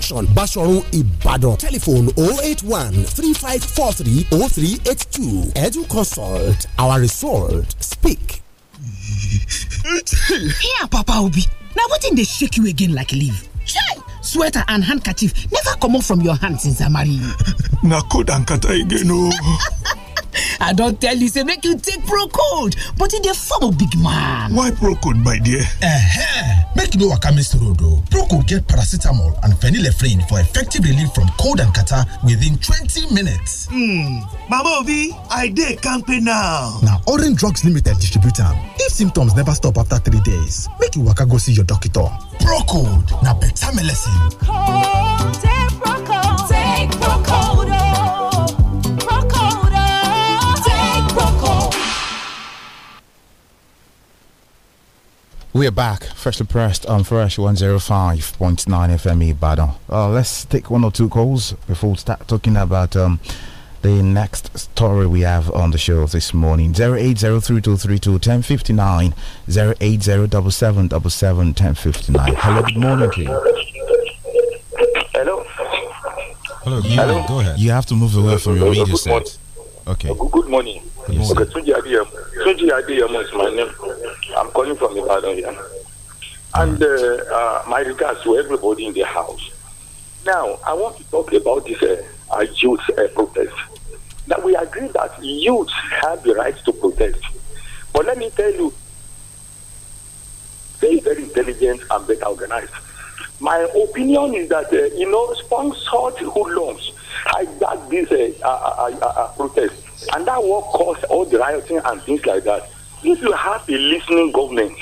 junction Basọ̀run Ìbàdàn telephone 081-3543-0382 edu consult our result speak. here papa obi na wetin they shake you again like leave? Chai! sweater and handkerchief never come off from your hands since i marry you. na kuda and kata again o. Oh. i don't tell you say make you take Procode, but e dey form of big man why Procode, my dear eh make you no waka miss road o pro get paracetamol and phenylephrine for effective relief from cold and catarrh within 20 minutes hmm mama obi i dey now. Now orange drugs limited distributor. if symptoms never stop after three days make you waka go see your doctor Procode. Now na beta melecine We are back, freshly pressed on Fresh 105.9 FM Badon, Uh, let's take one or two calls before we start talking about um, the next story we have on the show this morning 08032321059 08077771059 hello good morning to you hello hello you hello. go ahead you have to move away from your radio set okay good morning, good morning. Tunji Adeyemo is my name. I'm calling from Ibadan here. And uh, uh, my regards to everybody in the house. Now, I want to talk about this uh, youth uh, protest. Now, we agree that youth have the right to protest. But let me tell you, they are very intelligent and better organized. My opinion is that, uh, you know, sponsored hoodlums doubt this uh, protest and that will caused all the rioting and things like that. If you have a listening government,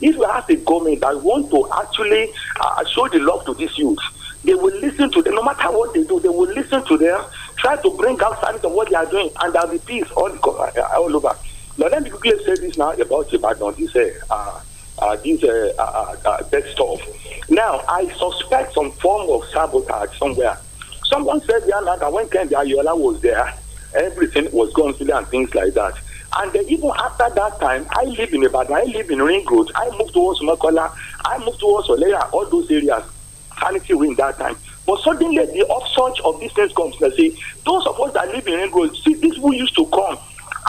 if you have a government that want to actually uh, show the love to these youth, they will listen to them. No matter what they do, they will listen to them, try to bring out some of what they are doing, and there'll be peace all, uh, all over. Now, let me quickly say this now about Ibadan, this, uh, uh, uh this uh, uh, uh, uh that stuff. Now, I suspect some form of sabotage somewhere. Someone said the other that when Ken Ayola was there, Everything was gone silly and things like that. And then even after that time, I live in Ibadan, I live in Ring Road, I moved towards Makola, I moved towards Olera, all those areas. Sanity win that time. But suddenly the upsurge of business comes and say, those of us that live in Ring Road, see, these people used to come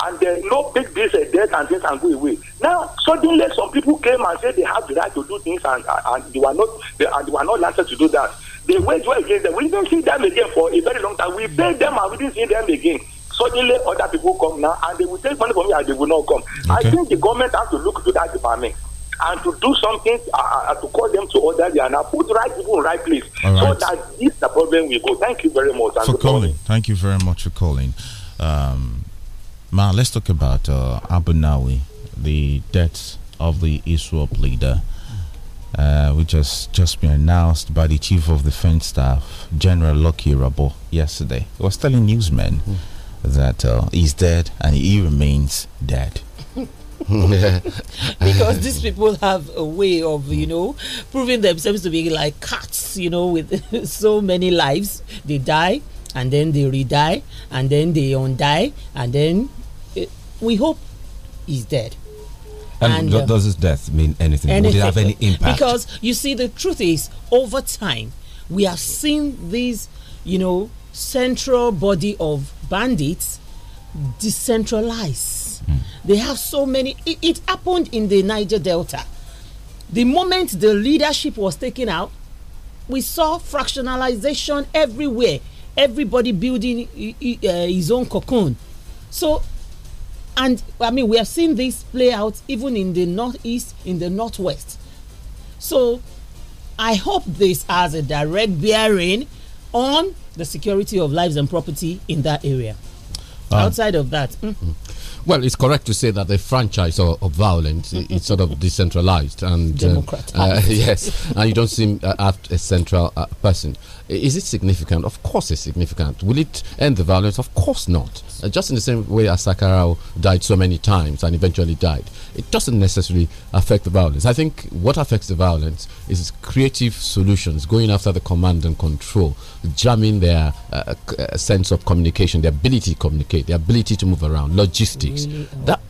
and then no big this eh, and that and this and go away. Now suddenly some people came and said they have the right to do things and, and, and they were not they, and they were not allowed to do that. They went well against them. We didn't see them again for a very long time. We paid them and we didn't see them again. Suddenly, other people come now and they will take money from me and they will not come. Okay. I think the government has to look to that department and to do something uh, uh, uh to call them to order and put right people in right place right. so that this the problem will go. Thank you very much for calling. Morning. Thank you very much for calling. Um, Ma, let's talk about uh, Abu the death of the Israel leader uh, which has just been announced by the Chief of Defense Staff, General Lucky Rabo, yesterday. He was telling newsmen mm. that uh, he's dead and he remains dead. because these people have a way of you know proving themselves to be like cats you know with so many lives they die and then they redie and then they undie and then it, eh, we hope he's dead and, and uh, does his death mean anything? anything? Would it have any impact? Because you see, the truth is, over time, we have seen these, you know, central body of bandits decentralize. Mm. They have so many. It, it happened in the Niger Delta. The moment the leadership was taken out, we saw fractionalization everywhere. Everybody building uh, his own cocoon. So and i mean we have seen this play out even in the northeast in the northwest so i hope this has a direct bearing on the security of lives and property in that area um, outside of that mm. mm. Well, it's correct to say that the franchise of, of violence is sort of decentralized and um, uh, uh yes, and you don't seem uh, a central uh, person. Is it significant? Of course, it's significant. Will it end the violence? Of course not. Uh, just in the same way as Sakharov died so many times and eventually died, it doesn't necessarily affect the violence. I think what affects the violence is creative solutions, going after the command and control, jamming their uh, uh sense of communication, their ability to communicate, their ability to move around, logistics. Really? That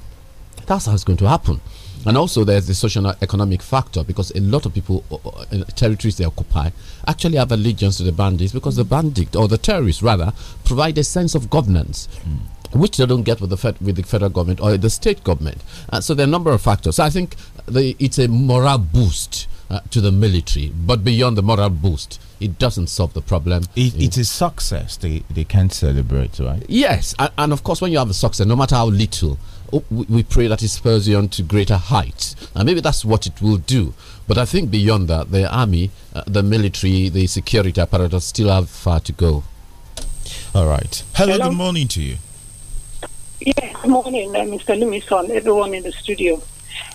that's how it's going to happen. And also, there's the social economic factor because a lot of people uh, uh, in territories they occupy actually have allegiance to the bandits because the bandit or the terrorists rather provide a sense of governance. Mm which they don't get with the fed, with the federal government or the state government. Uh, so there are a number of factors. So I think the, it's a moral boost uh, to the military, but beyond the moral boost, it doesn't solve the problem. It, it's success. They they can celebrate, right? Yes, and, and, of course, when you have a success, no matter how little, Oh, we pray that it spurs you on to greater heights. And maybe that's what it will do. But I think beyond that, the army, uh, the military, the security apparatus still have far to go. All right. Hello, Hello. good morning to you. Yeah, good morning, uh, Mr. Lumison, everyone in the studio.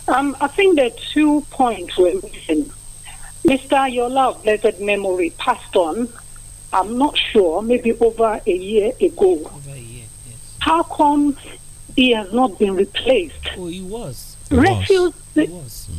Um, I think there are two points we're missing. Mr. Yola of blessed memory passed on, I'm not sure, maybe over a year ago. Over a year, yes. How come he has not been replaced. Oh, he was. He Refused. Was. He was.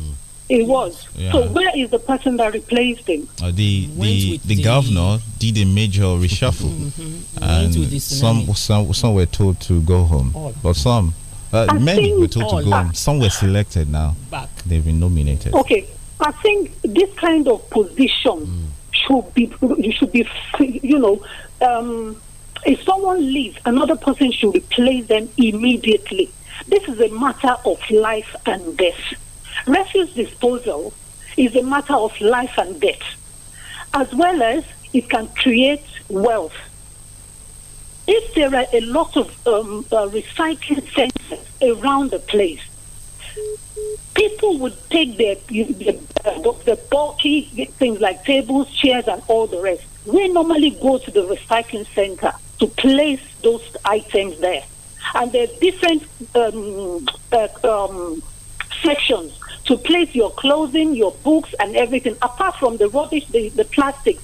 He was. Yeah. So where is the person that replaced him? Uh, the the, the, the, governor did a major reshuffle, mm -hmm. and some some some were told to go home, all. but some. Uh, many were told to go home. Some were selected now. Back. They've been nominated. Okay. I think this kind of position mm. should be you should be you know um, if someone leaves, another person should replace them immediately. This is a matter of life and death. Refuse disposal is a matter of life and death, as well as it can create wealth. If there are a lot of um, uh, recycling centers around the place, people would take their, the the bulky things like tables, chairs, and all the rest. We normally go to the recycling center to place those items there. And there are different um, uh, um, sections to place your clothing, your books, and everything, apart from the rubbish, the, the plastics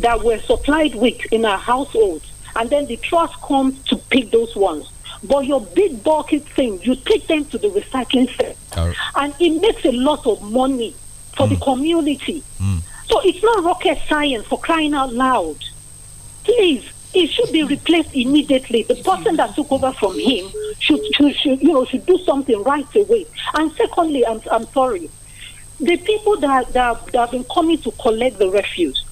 that were supplied with in our households. And then the trust comes to pick those ones. But your big bulky thing, you take them to the recycling center. Right. Uh, and it makes a lot of money for mm. the community. Mm. So it's not rocket science for crying out loud. Please, he should be replaced immediately. The person that took over from him should, should, should you know, should do something right away. And secondly, I'm, I'm sorry, the people that, that, that have been coming to collect the refuse,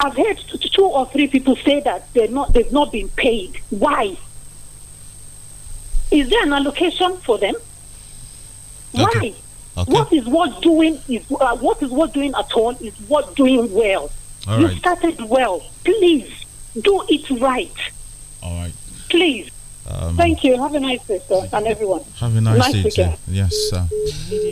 I've heard two or three people say that they're not, they've not been paid. Why? Is there an allocation for them? Why? Okay. What is worth doing is uh, what is worth doing at all is worth doing well. All you right. started well. Please do it right. All right. Please. Um, Thank you. Have a nice day, sir, and everyone. Have a nice, nice day, weekend. Too. Yes. sir.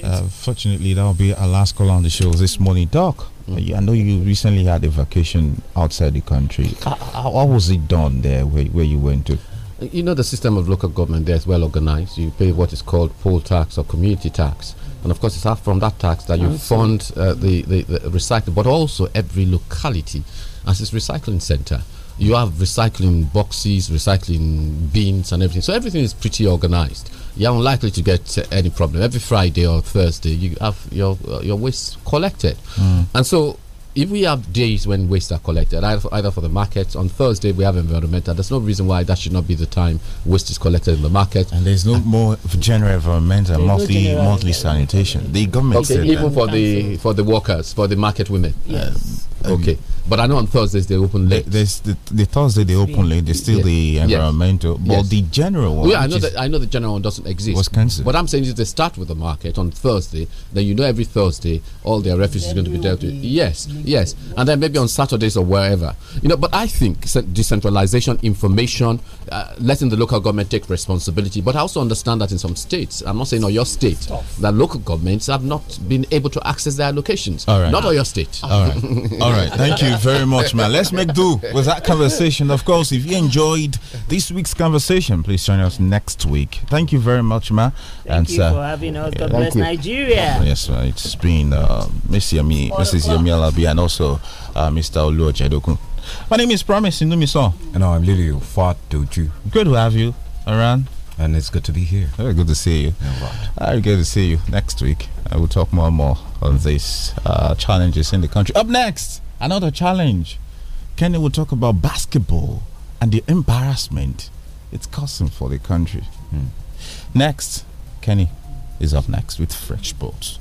uh, fortunately, that'll be our last call on the show this morning. Doc, mm. I know you recently had a vacation outside the country. How, uh, uh, how was it done there where, where you went to? You know, the system of local government there is well organized. You pay what is called poll tax or community tax. And of course, it's from that tax that you fund uh, the, the, the recycling, but also every locality as its recycling center. You have recycling boxes, recycling bins, and everything. So everything is pretty organized. You're unlikely to get uh, any problem. Every Friday or Thursday, you have your uh, your waste collected, mm. and so if we have days when waste are collected, either for, either for the markets, on Thursday we have environmental. There's no reason why that should not be the time waste is collected in the market. And there's no more general environmental, monthly no general monthly sanitation. The government okay, even for the for the workers, for the market women. Yes. Um, okay, but I know on Thursdays they open late. There's the, the Thursday they open late. There's still yes. the environmental, yes. but yes. the general one. Yeah, I know I know the general one doesn't exist. Was cancelled. What I'm saying is they start with the market on Thursday. Then you know every Thursday all their refuse is going to be dealt with. Yes. Yes, and then maybe on Saturdays or wherever. You know, but I think decentralization, information, uh, letting the local government take responsibility. But I also understand that in some states, I'm not saying your state, that local governments have not been able to access their allocations. All right. Not all your state. All right. all right. Thank you very much, man. Let's make do with that conversation. Of course, if you enjoyed this week's conversation, please join us next week. Thank you very much, man. Thank and, you uh, for having us. God bless Nigeria. Yes, It's been uh, Miss Mrs. Yemi Alabia and also uh, Mr. Oluo Chedokun. My name is Promise Inumison. And I'm Lily Fatoju. Good to have you around. And it's good to be here. Very good to see you. Yeah, right. Very good to see you. Next week, I uh, will talk more and more on these uh, challenges in the country. Up next, another challenge. Kenny will talk about basketball and the embarrassment it's causing for the country. Mm. Next, Kenny is up next with Fresh Sports.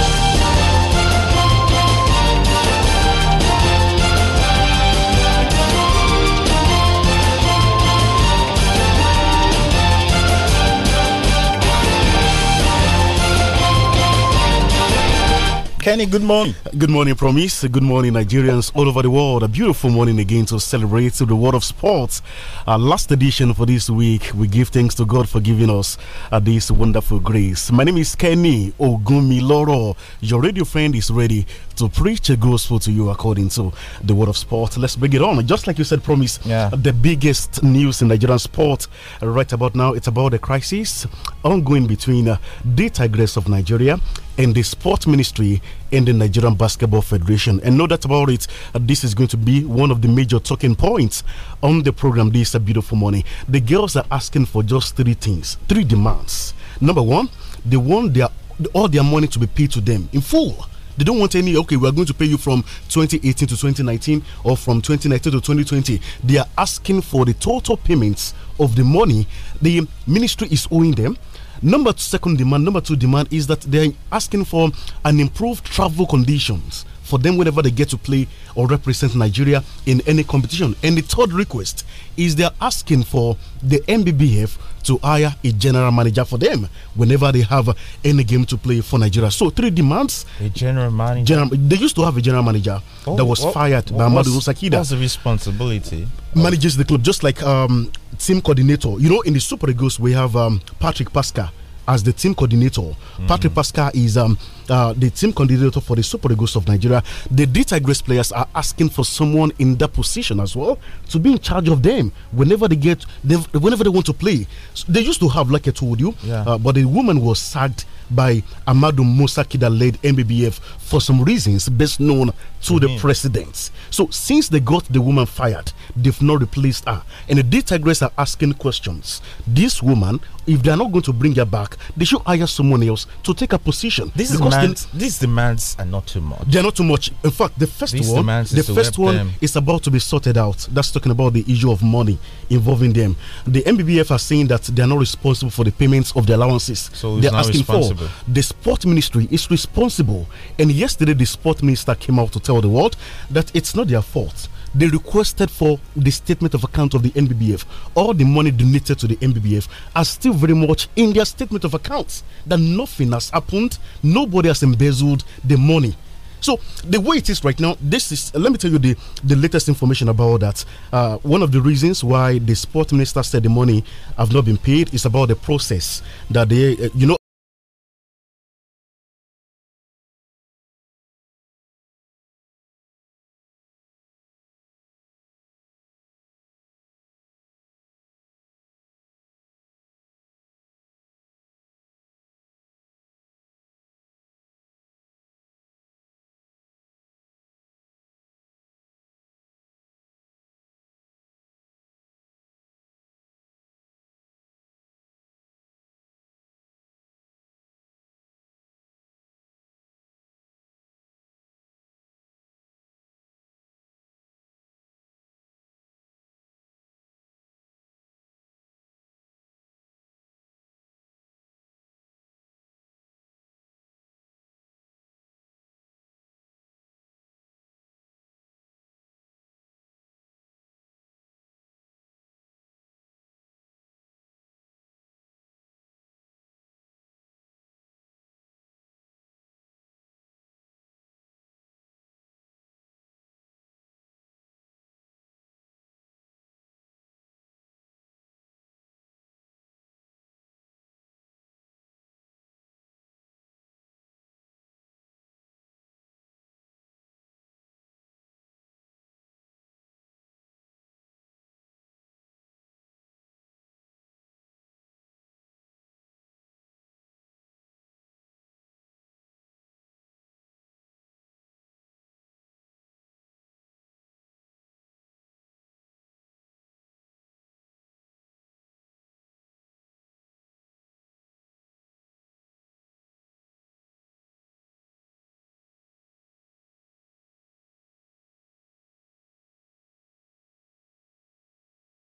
Kenny, good morning. Good morning, Promise. Good morning, Nigerians all over the world. A beautiful morning again to celebrate the world of sports. Our last edition for this week. We give thanks to God for giving us uh, this wonderful grace. My name is Kenny Ogumiloro. Your radio friend is ready to preach a gospel to you according to the world of sports. Let's bring it on. Just like you said, Promise, yeah. the biggest news in Nigerian sport right about now, it's about the crisis ongoing between uh, the Tigress of Nigeria and the sports Ministry and the Nigerian Basketball Federation. And know that about it, uh, this is going to be one of the major talking points on the program this is a beautiful morning. The girls are asking for just three things, three demands. Number one, they want their all their money to be paid to them in full. They don't want any, okay, we are going to pay you from 2018 to 2019 or from 2019 to 2020. They are asking for the total payments of the money the ministry is owing them Number two, second demand, number two demand is that they're asking for an improved travel conditions for them whenever they get to play or represent Nigeria in any competition. And the third request is they're asking for the MBBF to hire a general manager for them whenever they have any game to play for Nigeria. So three demands. A general manager. General, they used to have a general manager oh, that was what, oh, fired what, by Amadou Sakida. That's the responsibility. Manages the club just like um, team coordinator. You know, in the Super Eagles, we have um, Patrick Pasca as the team coordinator. Mm. Patrick Pasca is um, uh, the team coordinator for the Super Eagles of Nigeria, the D-Tigers players are asking for someone in that position as well to be in charge of them whenever they get, they, whenever they want to play. So they used to have, like I told you, yeah. uh, but the woman was sacked by Amadou Musaki, that led MBBF for some reasons best known to the mm-hmm. president. So since they got the woman fired, they've not replaced her. And the D-Tigress are asking questions. This woman, if they're not going to bring her back, they should hire someone else to take a position. This because the, these demands are not too much. They're not too much. In fact, the first these one, the first one them. is about to be sorted out. That's talking about the issue of money involving them. The MBBF are saying that they are not responsible for the payments of the allowances. So they're asking for the sport ministry is responsible. And yesterday, the sport minister came out to tell the world that it's not their fault they requested for the statement of account of the NBBF. All the money donated to the NBBF are still very much in their statement of accounts. That nothing has happened, nobody has embezzled the money. So the way it is right now, this is. Let me tell you the the latest information about that. Uh, one of the reasons why the sport minister said the money have not been paid is about the process that they, uh, you know,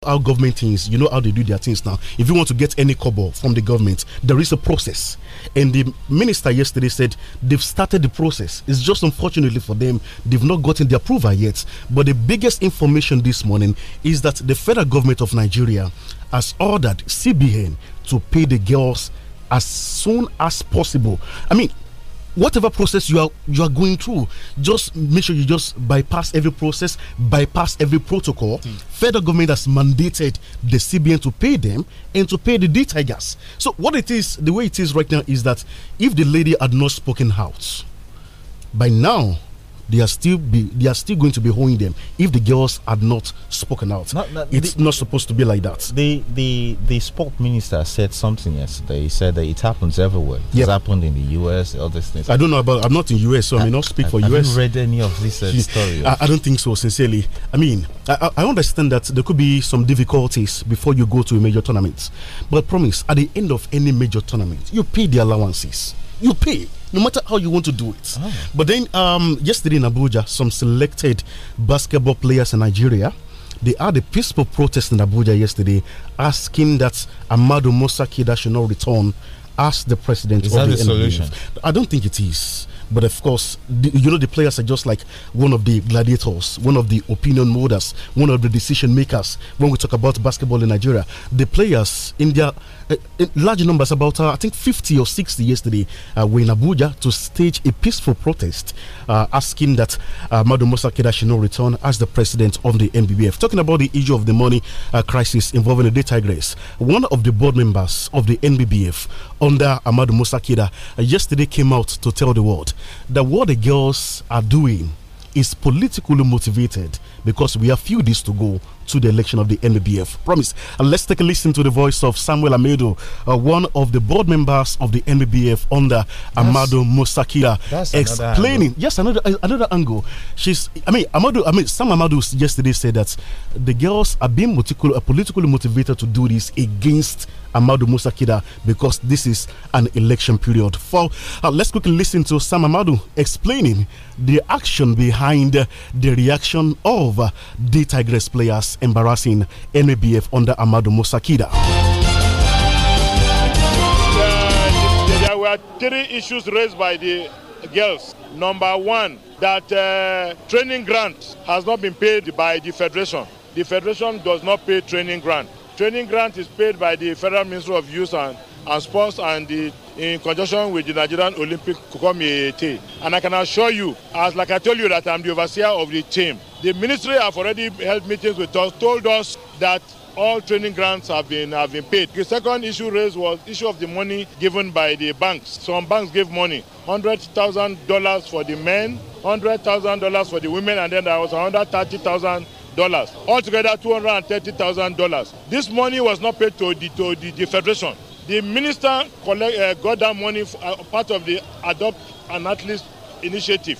how government things, you know how they do their things now. If you want to get any kobo from the government, there is a process. And the minister yesterday said they've started the process. It's just unfortunately for them, they've not gotten the approval yet. But the biggest information this morning is that the federal government of Nigeria has ordered CBN to pay the girls as soon as possible. I mean, whatever process you are you are going through, just make sure you just bypass every process, bypass every protocol. Mm. Federal government has mandated the CBN to pay them and to pay the D Tigers. So what it is, the way it is right now is that if the lady had not spoken out, by now they are still be they are still going to be holding them if the girls had not spoken out. Not, not, it's the, not supposed to be like that. The the the sport minister said something yesterday. He said that it happens everywhere. It yep. happened in the US, all these things. I don't know about. I'm not in US, so I, I may not speak I, for have US. Have read any of this uh, story? I, I, don't think so. Sincerely, I mean, I, I understand that there could be some difficulties before you go to a major tournament, but promise at the end of any major tournament, you pay the allowances you pay no matter how you want to do it. Oh. But then um, yesterday in Abuja, some selected basketball players in Nigeria. They had a peaceful protest in Abuja yesterday, asking that Amadu Musakida should not return as the president is of the, the solution? I don't think it is. But of course, the, you know, the players are just like one of the gladiators, one of the opinion molders, one of the decision makers when we talk about basketball in Nigeria. The players in their uh, eh, in eh, large numbers, about uh, I think 50 or 60 yesterday, uh, were in Abuja to stage a peaceful protest uh, asking that uh, Madam should not return as the president of the MBBF. Talking about the issue of the money uh, crisis involving the data grace, one of the board members of the NBBF under Ahmad Musakida uh, yesterday came out to tell the world that what the girls are doing is politically motivated because we have few days to go to the election of the NBF. Promise. And let's take a listen to the voice of Samuel Amedo, uh, one of the board members of the NBF under that's, Amado Mosakira, explaining. Another yes, another uh, another angle. She's. I mean, Amado. I mean, Sam Amado yesterday said that the girls are being politically motivated to do this against Amadu Musa Kida because this is an election period. For uh, let's quickly listen to Sam Amadu explaining the action behind the reaction of uh, the Tigress players embarrassing NABF under Amadu Musa Kida. There were three issues raised by the girls. Number one, that uh, training grant has not been paid by the federation. The federation does not pay training grant. Training grant is paid by the Federal Ministry of Youth and, and Sports and the, in conjunction with the Nigerian Olympic Committee. And I can assure you, as like I told you, that I'm the overseer of the team. The ministry have already held meetings with us, told us that all training grants have been have been paid. The second issue raised was issue of the money given by the banks. Some banks gave money, hundred thousand dollars for the men, hundred thousand dollars for the women, and then there was hundred thirty thousand dollars, altogether two hundred and thirty thousand dollars. This money was not paid to the to the, the federation. The minister collect, uh, got that money for, uh, part of the Adopt an Athlete initiative.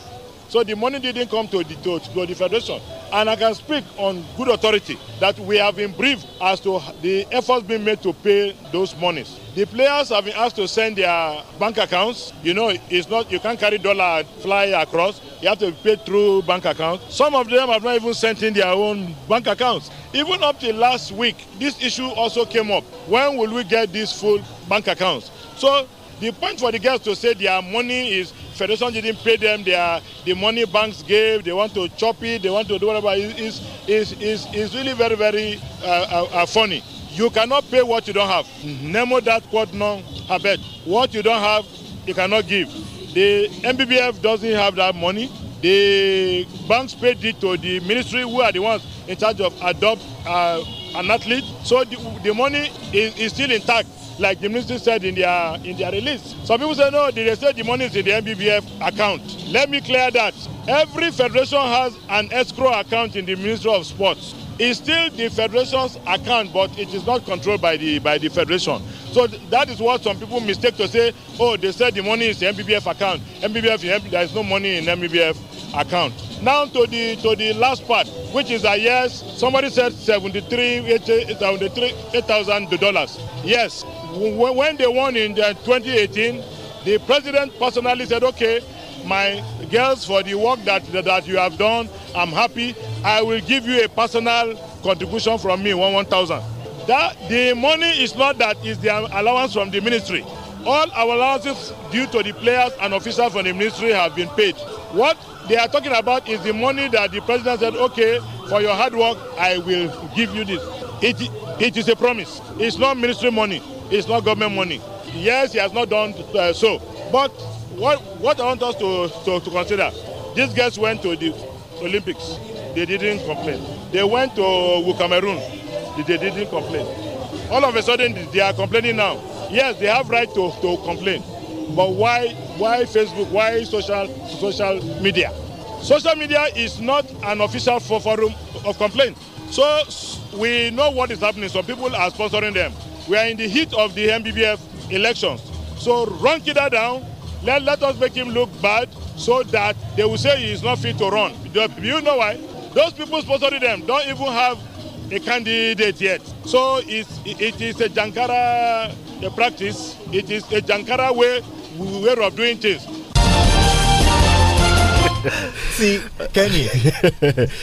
So the money didn't come to the, to, to the Federation. And I can speak on good authority that we have been briefed as to the efforts being made to pay those monies. The players have been asked to send their bank accounts. You know, it's not you can't carry dollar fly across. You have to pay through bank accounts. Some of them have not even sent in their own bank accounts. Even up till last week, this issue also came up. When will we get these full bank accounts? So The point for the girls to say their money is federation didn't pay them their the money banks gave. They want to chop it. They want to do whatever. Is is is is really very very uh, uh, uh, funny. You cannot pay what you don't have. Mm-hmm. Nemo that quote non habet. What you don't have, you cannot give. The MBBF doesn't have that money. The banks paid it to the ministry, who are the ones in charge of adopt uh, an athlete. So the, the money is, is still intact like the ministry said in their in their release. Some people say no, they say the money is in the MBBF account. Let me clear that. Every federation has an escrow account in the Ministry of Sports. It's still the federation's account, but it is not controlled by the by the federation. So th that is what some people mistake to say. Oh, they said the money is the MBBF account. MBBF, there is no money in MBBF account. Now to the to the last part, which is a ah, yes, somebody said 73 $8,000. $8, yes, when they won in uh, 2018, the president personally said, okay, my girls, for the work that, that you have done, I'm happy. I will give you a personal contribution from me, one 1,000. That the money is not that is the allowance from the ministry. All our allowances due to the players and officials from the ministry have been paid. What they are talking about is the money that the president said, okay, for your hard work, I will give you this. It, it is a promise. It's not ministry money. It's not government money. Yes, he has not done uh, so. But what, what I want us to, to, to consider, these guys went to the Olympics. They didn't complain. They went to Cameroon. They didn't complain. All of a sudden, they are complaining now. Yes, they have right to, to complain. But why, why Facebook? Why social, social media? Social media is not an official forum of complaint. So we know what is happening. Some people are sponsoring them. We are in the heat of the MBBF elections. So run Kida down. Let, let us make him look bad so that they will say he is not fit to run. Do you know why? Those people sponsoring them don't even have a candidate yet. So it's, it is a Jankara practice. It is a Jankara way, way of doing things. See, Kenny,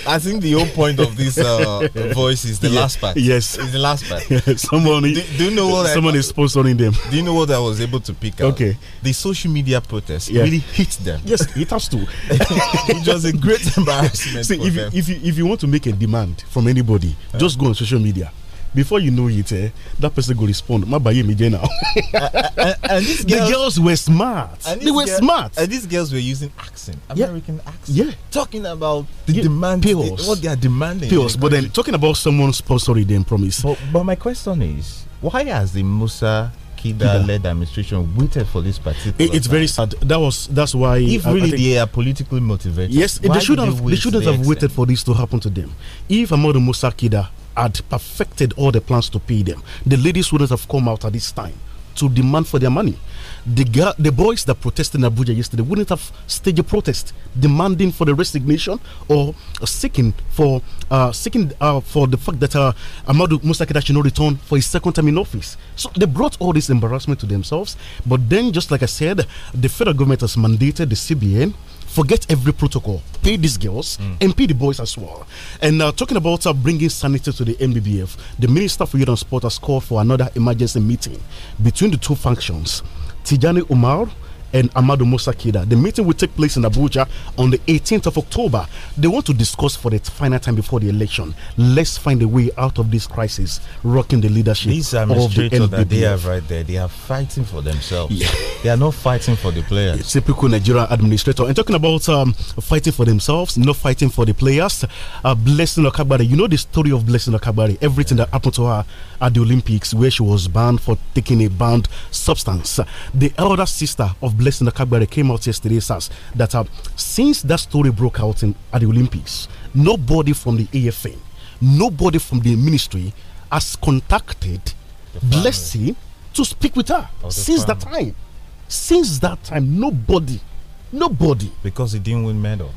I think the whole point of this uh, voice is the yeah. last part. Yes, it's the last part. Someone, do, do, you know what? Someone I, is sponsoring them. Do you know what I was able to pick up? Okay, the social media protest yeah. really hit them. Yes, it has to. it was a great embarrassment. See, if you, if you if you want to make a demand from anybody, uh -huh. just go on social media before you know it, eh, that person go respond. My buy me now. And these girls, the girls were smart. They were girl, smart. And these girls were using accent, American yeah. accent. Yeah. Talking about the yeah. demand, the, what they are demanding. Pills, but then talking about someone's sponsoring them promise. But, but my question is, why has the Musa Kida led administration waited for this particular. It, it's time. very sad. That was that's why. If really they are politically motivated, yes, they should have. They, shouldn't have waited for this to happen to them. If Amadou Musa Kida had perfected all the plans to pay them, the ladies wouldn't have come out at this time to demand for their money. The, girl, the boys that protested in Abuja yesterday wouldn't have staged a protest demanding for the resignation or seeking for uh, seeking uh, for the fact that uh, Amadou Musakida should not return for his second time in office. So they brought all this embarrassment to themselves. But then, just like I said, the federal government has mandated the CBN forget every protocol. Pay these girls mm. and pay the boys as well. And uh, talking about uh, bringing sanity to the MBBF, the Minister for Youth and Sport has called for another emergency meeting between the two functions. Tijani Umar and Amadu Musakida. The meeting will take place in Abuja on the 18th of October. They want to discuss for the final time before the election. Let's find a way out of this crisis, rocking the leadership. These administrators of the that they have right there, they are fighting for themselves. Yeah. they are not fighting for the players. typical Nigerian administrator. And talking about um, fighting for themselves, not fighting for the players, uh, Blessing Okabari. You know the story of Blessing Okabari, everything yeah. that happened to her at the Olympics, where she was banned for taking a banned substance. The elder sister of Blessing Akagbare came out yesterday says that uh, since that story broke out in, at the Olympics, nobody from the AFN, nobody from the ministry has contacted Blessing to speak with her since family. that time. Since that time, nobody, nobody. Because he didn't win medal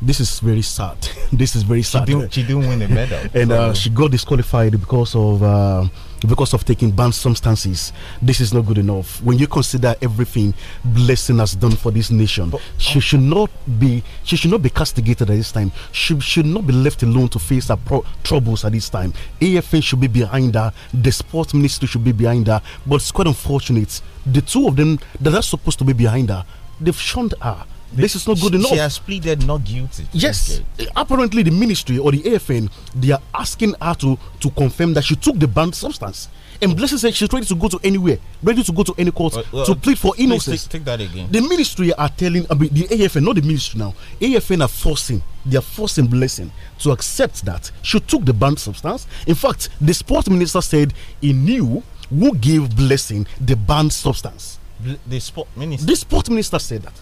this is very sad. this is very sad. She didn't, she didn't win the medal, and so. uh, she got disqualified because of uh, because of taking banned substances. This is not good enough. When you consider everything blessing has done for this nation, but, she uh, should not be she should not be castigated at this time. She should not be left alone to face her troubles at this time. AFN should be behind her. The sports ministry should be behind her. But it's quite unfortunate. The two of them that are supposed to be behind her, they've shunned her this is not good enough. She has pleaded not guilty. Yes. Okay. Apparently, the ministry or the AFN, they are asking her to, to confirm that she took the banned substance. And Blessing said she's ready to go to anywhere, ready to go to any court uh, uh, to plead for innocence. Take, take, that again. The ministry are telling, I mean, the AFN, not the ministry now, AFN are forcing, they are forcing Blessing to accept that she took the banned substance. In fact, the sports minister said he knew who gave Blessing the banned substance. The sport minister. The sport minister said that.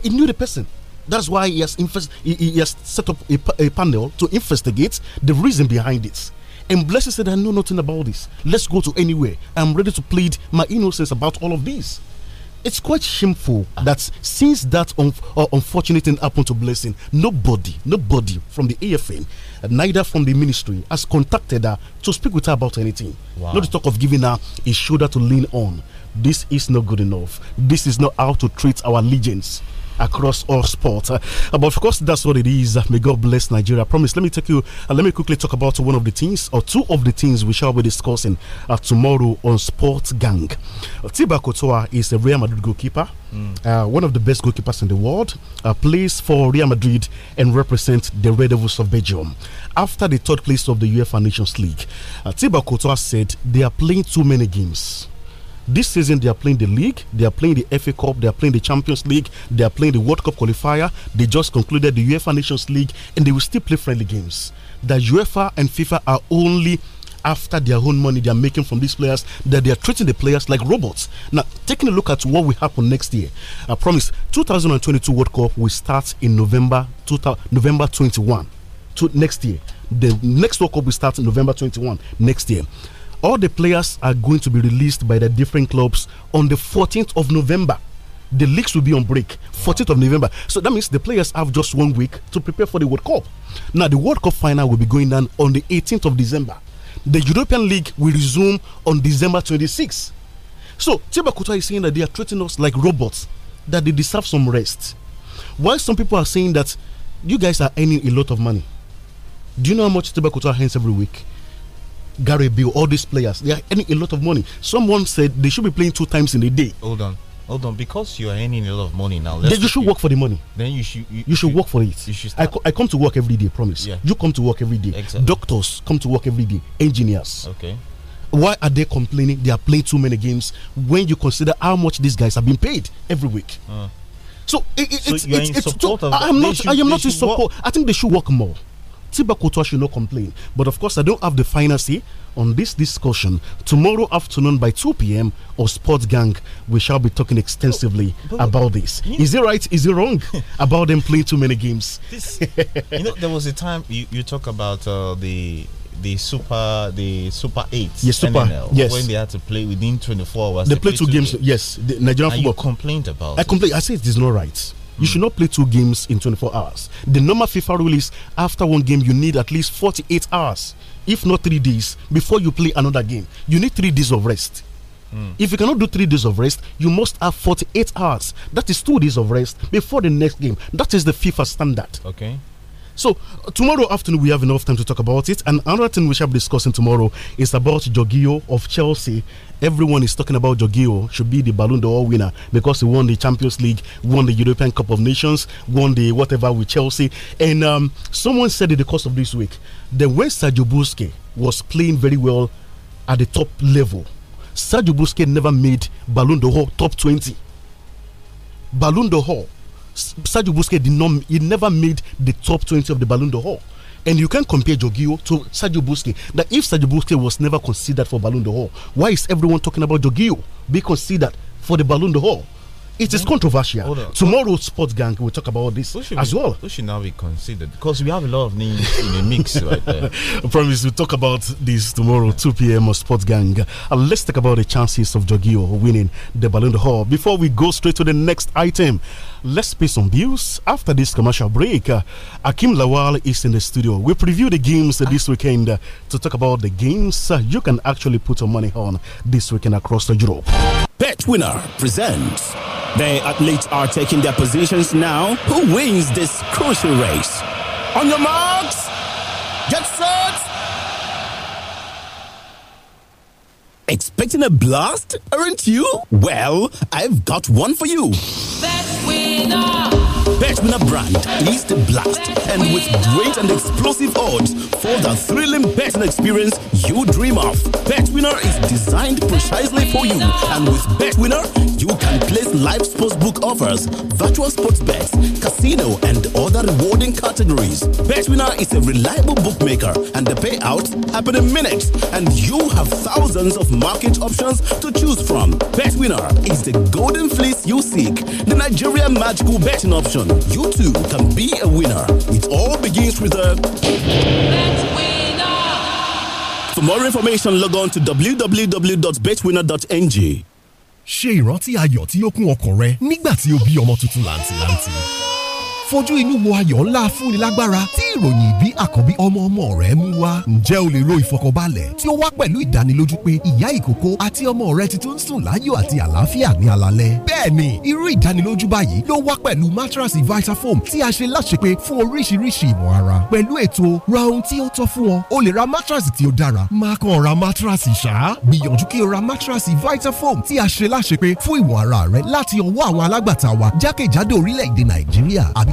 He knew the person. That's why he has, he, he has set up a, a, panel to investigate the reason behind it. And Blessing said, I know nothing about this. Let's go to anywhere. I'm ready to plead my innocence about all of this. It's quite shameful that since that un uh, unfortunate thing happened to Blessing, nobody, nobody from the AFN, neither from the ministry, has contacted her to speak with her about anything. Wow. Not to talk of giving her a shoulder to lean on. This is not good enough. This is not how to treat our legions across all sports. Uh, but of course, that's what it is. May God bless Nigeria. I promise. Let me take you. Uh, let me quickly talk about one of the things or two of the things we shall be discussing uh, tomorrow on Sports Gang. Uh, Tiba Kotoa is a Real Madrid goalkeeper, mm. one of the best goalkeepers in the world. Uh, plays for Real Madrid and represents the Red Devils of Belgium. After the third place of the UEFA Nations League, uh, Tiba Courtois said they are playing too many games. This season, they are playing the league, they are playing the FA Cup, they are playing the Champions League, they are playing the World Cup qualifier. They just concluded the UEFA Nations League, and they will still play friendly games. The UEFA and FIFA are only after their own money they are making from these players that they are treating the players like robots. Now, taking a look at what will happen next year, I promise 2022 World Cup will start in November 2000, November 21 to next year. The next World Cup will start in November 21 next year all the players are going to be released by the different clubs on the 14th of November. The leagues will be on break, 14th of November. So that means the players have just one week to prepare for the World Cup. Now, the World Cup final will be going down on the 18th of December. The European League will resume on December 26th. So, Tibakuta is saying that they are treating us like robots, that they deserve some rest. While some people are saying that you guys are earning a lot of money. Do you know how much Tibakuta earns every week? Gary Bill, all these players, they are earning a lot of money. Someone said they should be playing two times in a day. Hold on. Hold on, because you are earning a lot of money now. Then you should you, work for the money. Then you should you, you, you should work for it. You should I, co I come to work every day. Promise. Yeah. You come to work every day. Exactly. Doctors come to work every day. Engineers. Okay. Why are they complaining? They are playing too many games when you consider how much these guys have been paid every week. Uh. So, it, it, so it's, it's, it's, I'm not. I am not in support. I think they should work more. Tibakoto should not complain. But of course, I don't have the final say on this discussion. Tomorrow afternoon by 2 p.m. or Sports Gang, we shall be talking extensively oh, but, about this. Is know, it right? Is it wrong about them playing too many games? This, you know, there was a time you, you talk about uh, the the super the super eight yes super NNL, yes when they had to play within 24 hours they, they played play two, two games, games. yes the nigerian and football complained about i complained i said it is not right you should not play two games in 24 hours. The normal FIFA rule is after one game, you need at least 48 hours, if not three days, before you play another game. You need three days of rest. Mm. If you cannot do three days of rest, you must have 48 hours. That is two days of rest before the next game. That is the FIFA standard. Okay. So uh, tomorrow afternoon we have enough time to talk about it. And another thing we shall be discussing tomorrow is about Jorginho of Chelsea. Everyone is talking about Jorginho should be the Ballon d'Or winner because he won the Champions League, won the European Cup of Nations, won the whatever with Chelsea. And um, someone said in the course of this week that when Sergio Busquets was playing very well at the top level, Sergio Busquets never made Ballon d'Or top 20. Ballon d'Or Sergio Busquets did not, he never made the top 20 of the Ballon d'Or. And you can compare Jorginho to Sergio Busquets. That if Sergio Busquets was never considered for Ballon d'Or, why is everyone talking about Jorginho? Be considered for the Ballon d'Or. It is hmm? controversial. Tomorrow, Sports Gang will talk about this as well. Who should now be considered? Because we have a lot of names in the mix right there. I promise we'll talk about this tomorrow, 2 p.m. on Sports Gang. Uh, let's talk about the chances of Jorginho winning the Ballon d'Or. Before we go straight to the next item, let's pay some bills. After this commercial break, uh, Akim Lawal is in the studio. We preview the games uh, this weekend uh, to talk about the games uh, you can actually put your money on this weekend across the Europe. BetWinner presents. The athletes are taking their positions now. Who wins this crucial race? On your marks, get set! expecting a blast, aren't you? Well, I've got one for you. Betwinner brand is the blast, and with great and explosive odds for the thrilling betting experience you dream of. Betwinner is designed precisely for you, and with Betwinner, you can place live sportsbook offers, virtual sports bets, casino, and other rewarding categories. Betwinner is a reliable bookmaker, and the payouts happen in minutes, and you have thousands of market options to choose from. winner is the golden fleece you seek, the Nigeria magical betting option. You too can be a winner. It all begins with a winner. For more information, log on to www.betwinner.ng. Ṣe ìrántí ayọ̀ tí ó kún ọkàn rẹ nígbà tí o bí ọmọ tuntun làǹtìlanti fojú inú wo ayọ̀ ńlá fúnni lágbára tí ìròyìn ìbí àkànbí ọmọ ọmọ rẹ̀ mú wá. ǹjẹ́ o lè ro ìfọkànbalẹ̀ tí ó wá pẹ̀lú ìdánilójú pé ìyá ìkókó àti ọmọ rẹ̀ ti tún sùn láyọ̀ àti àlàáfíà ní alalẹ́. bẹ́ẹ̀ni irú ìdánilójú báyìí ló wá pẹ̀lú mattress Vitafoam tí a ṣe láṣepé fún oríṣiríṣi ìwọ̀n ara. pẹ̀lú ètò ra ohun tí ó tọ́ fún ọ o lè ra mattress tí ó dára má kàn ra mattress o ra mattress Vitafoam tí a ṣe láṣepé fún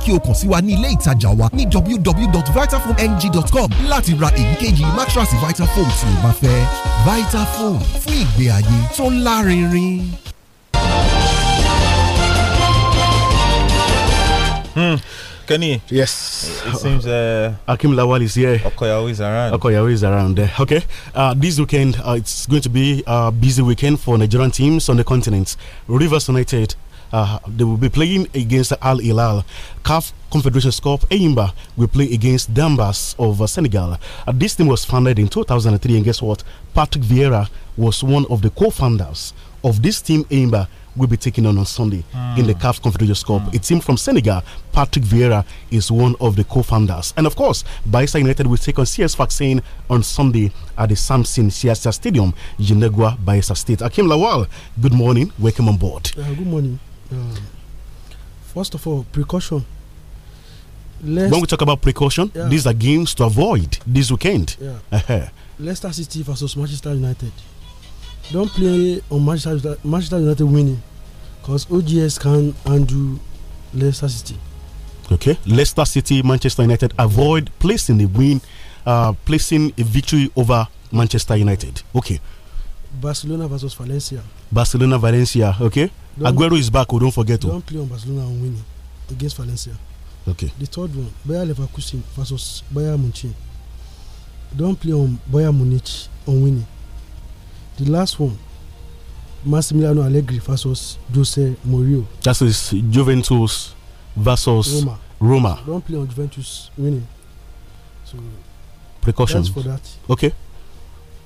kí o kàn sí wa ní ilé ìtajà wa ní www.vitafoamng.com láti ra èyíkéyìí mattress Vitafoam tí o bá fẹ́ Vitafoam fún ìgbé ayé tó lárinrin. Hmm. Kenny. Yes. It seems uh, Akim Lawal is here. Okoyawo is around. Okoyawo is around there. Okay. Uh, this weekend, uh, it's going to be a busy weekend for Nigerian teams on the continent. Rivers United uh, they will be playing against Al Hilal. CAF Confederation Cup Eimba will play against Dambas of uh, Senegal. Uh, this team was founded in 2003, and guess what? Patrick Vieira was one of the co-founders of this team. Eimba will be taking on on Sunday mm. in the hmm. CAF Confederation Cup. Mm. A team from Senegal, Patrick Vieira, is one of the co-founders. And of course, Baisa United will take on CS Vaccine on Sunday at the Samson Siasa Stadium, Yenegua, Baisa State. Akim Lawal, good morning. Welcome on board. Uh, good morning. Hmm. First of all, precaution. when we talk about precaution, yeah. these are games to avoid this weekend. Yeah. Leicester City versus Manchester United. Don't play on Manchester, Manchester United winning because OGS can undo Leicester City. Okay, Leicester City, Manchester United avoid placing a win, uh, placing a victory over Manchester United. Okay. Barcelona versus Valencia. Barcelona Valencia. Okay don't, Aguero is back. Oh, don't forget. Oh. Don't oh. play on Barcelona and winning against Valencia. Okay. The third one, Bayer Leverkusen versus Bayer Munich. Don't play on Bayer Munich on winning. The last one, Massimiliano Allegri versus Jose Mourinho. That is Juventus versus Roma. Roma. Don't play on Juventus winning. So precautions for that. Okay.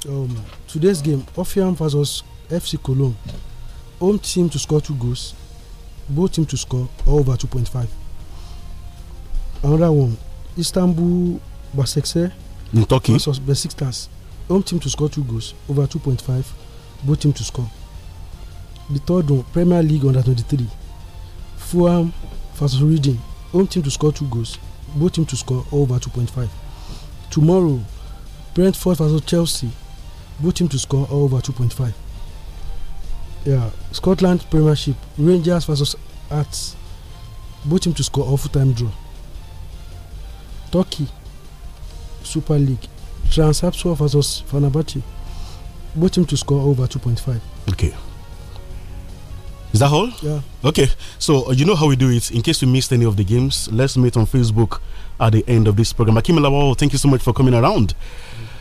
Um, today's game, Offiam versus FC Cologne. home team to score two goals, both team to score or over five. Another one, Istanbul Basekse in Turkey versus Besiktas, home team to score two goals, over two point five, both team to score. The third one, Premier League under twenty three. Fulham versus Reading, home team to score two goals, both team to score over two point five. Tomorrow, Brentford versus Chelsea, both team to score over two point five. Yeah, Scotland Premiership Rangers versus Hearts. Both teams to score or full time draw. Turkey Super League Transapsol versus Fenerbahce. Both teams to score over 2.5. Okay. Is that all? Yeah. Okay. So uh, you know how we do it. In case you missed any of the games, let's meet on Facebook at the end of this program. Akim Lawal, thank you so much for coming around. Mm -hmm.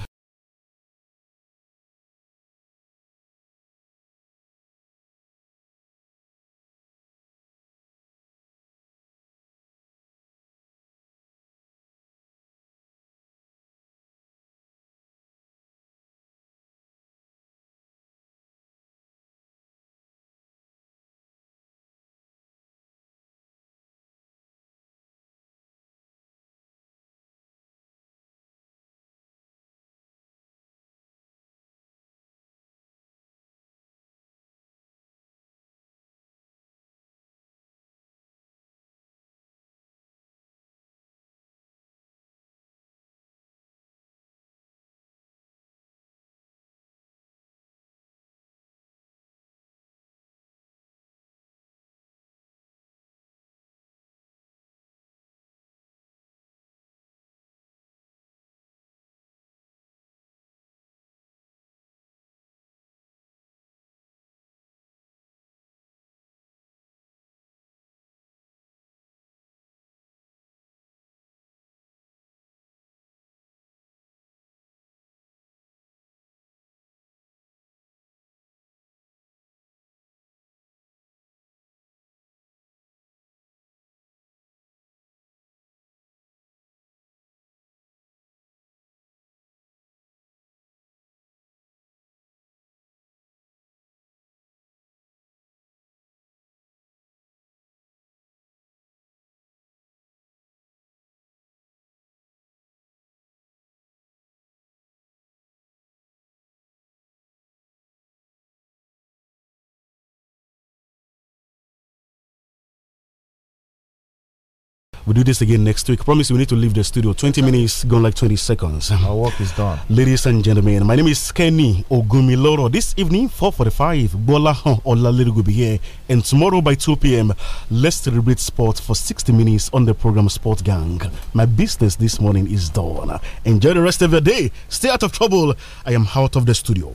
We'll do this again next week. Promise we need to leave the studio. 20 minutes gone like 20 seconds. Our work is done. Ladies and gentlemen, my name is Kenny Ogumiloro. This evening, 4.45, Bola Olaleru will be here. And tomorrow by 2 p.m., let's celebrate sport for 60 minutes on the program Sport Gang. My business this morning is done. Enjoy the rest of your day. Stay out of trouble. I am out of the studio.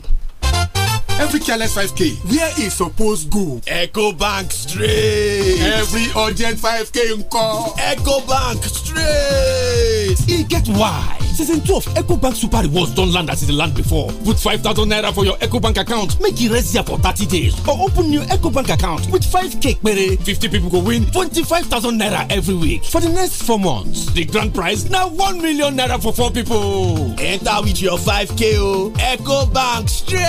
every careless five k where e suppose go. ecobank straight. every urgent five k nkọ. ecobank straight. e get why season twelve ecobank super rewards don land as e dey land before put five thousand naira for your ecobank account make e rest there for thirty days or open new ecobank account with five k pere fifty people go win twenty-five thousand naira every week for the next four months the grand prize na one million naira for four people. enter with your five k o ecobank straight.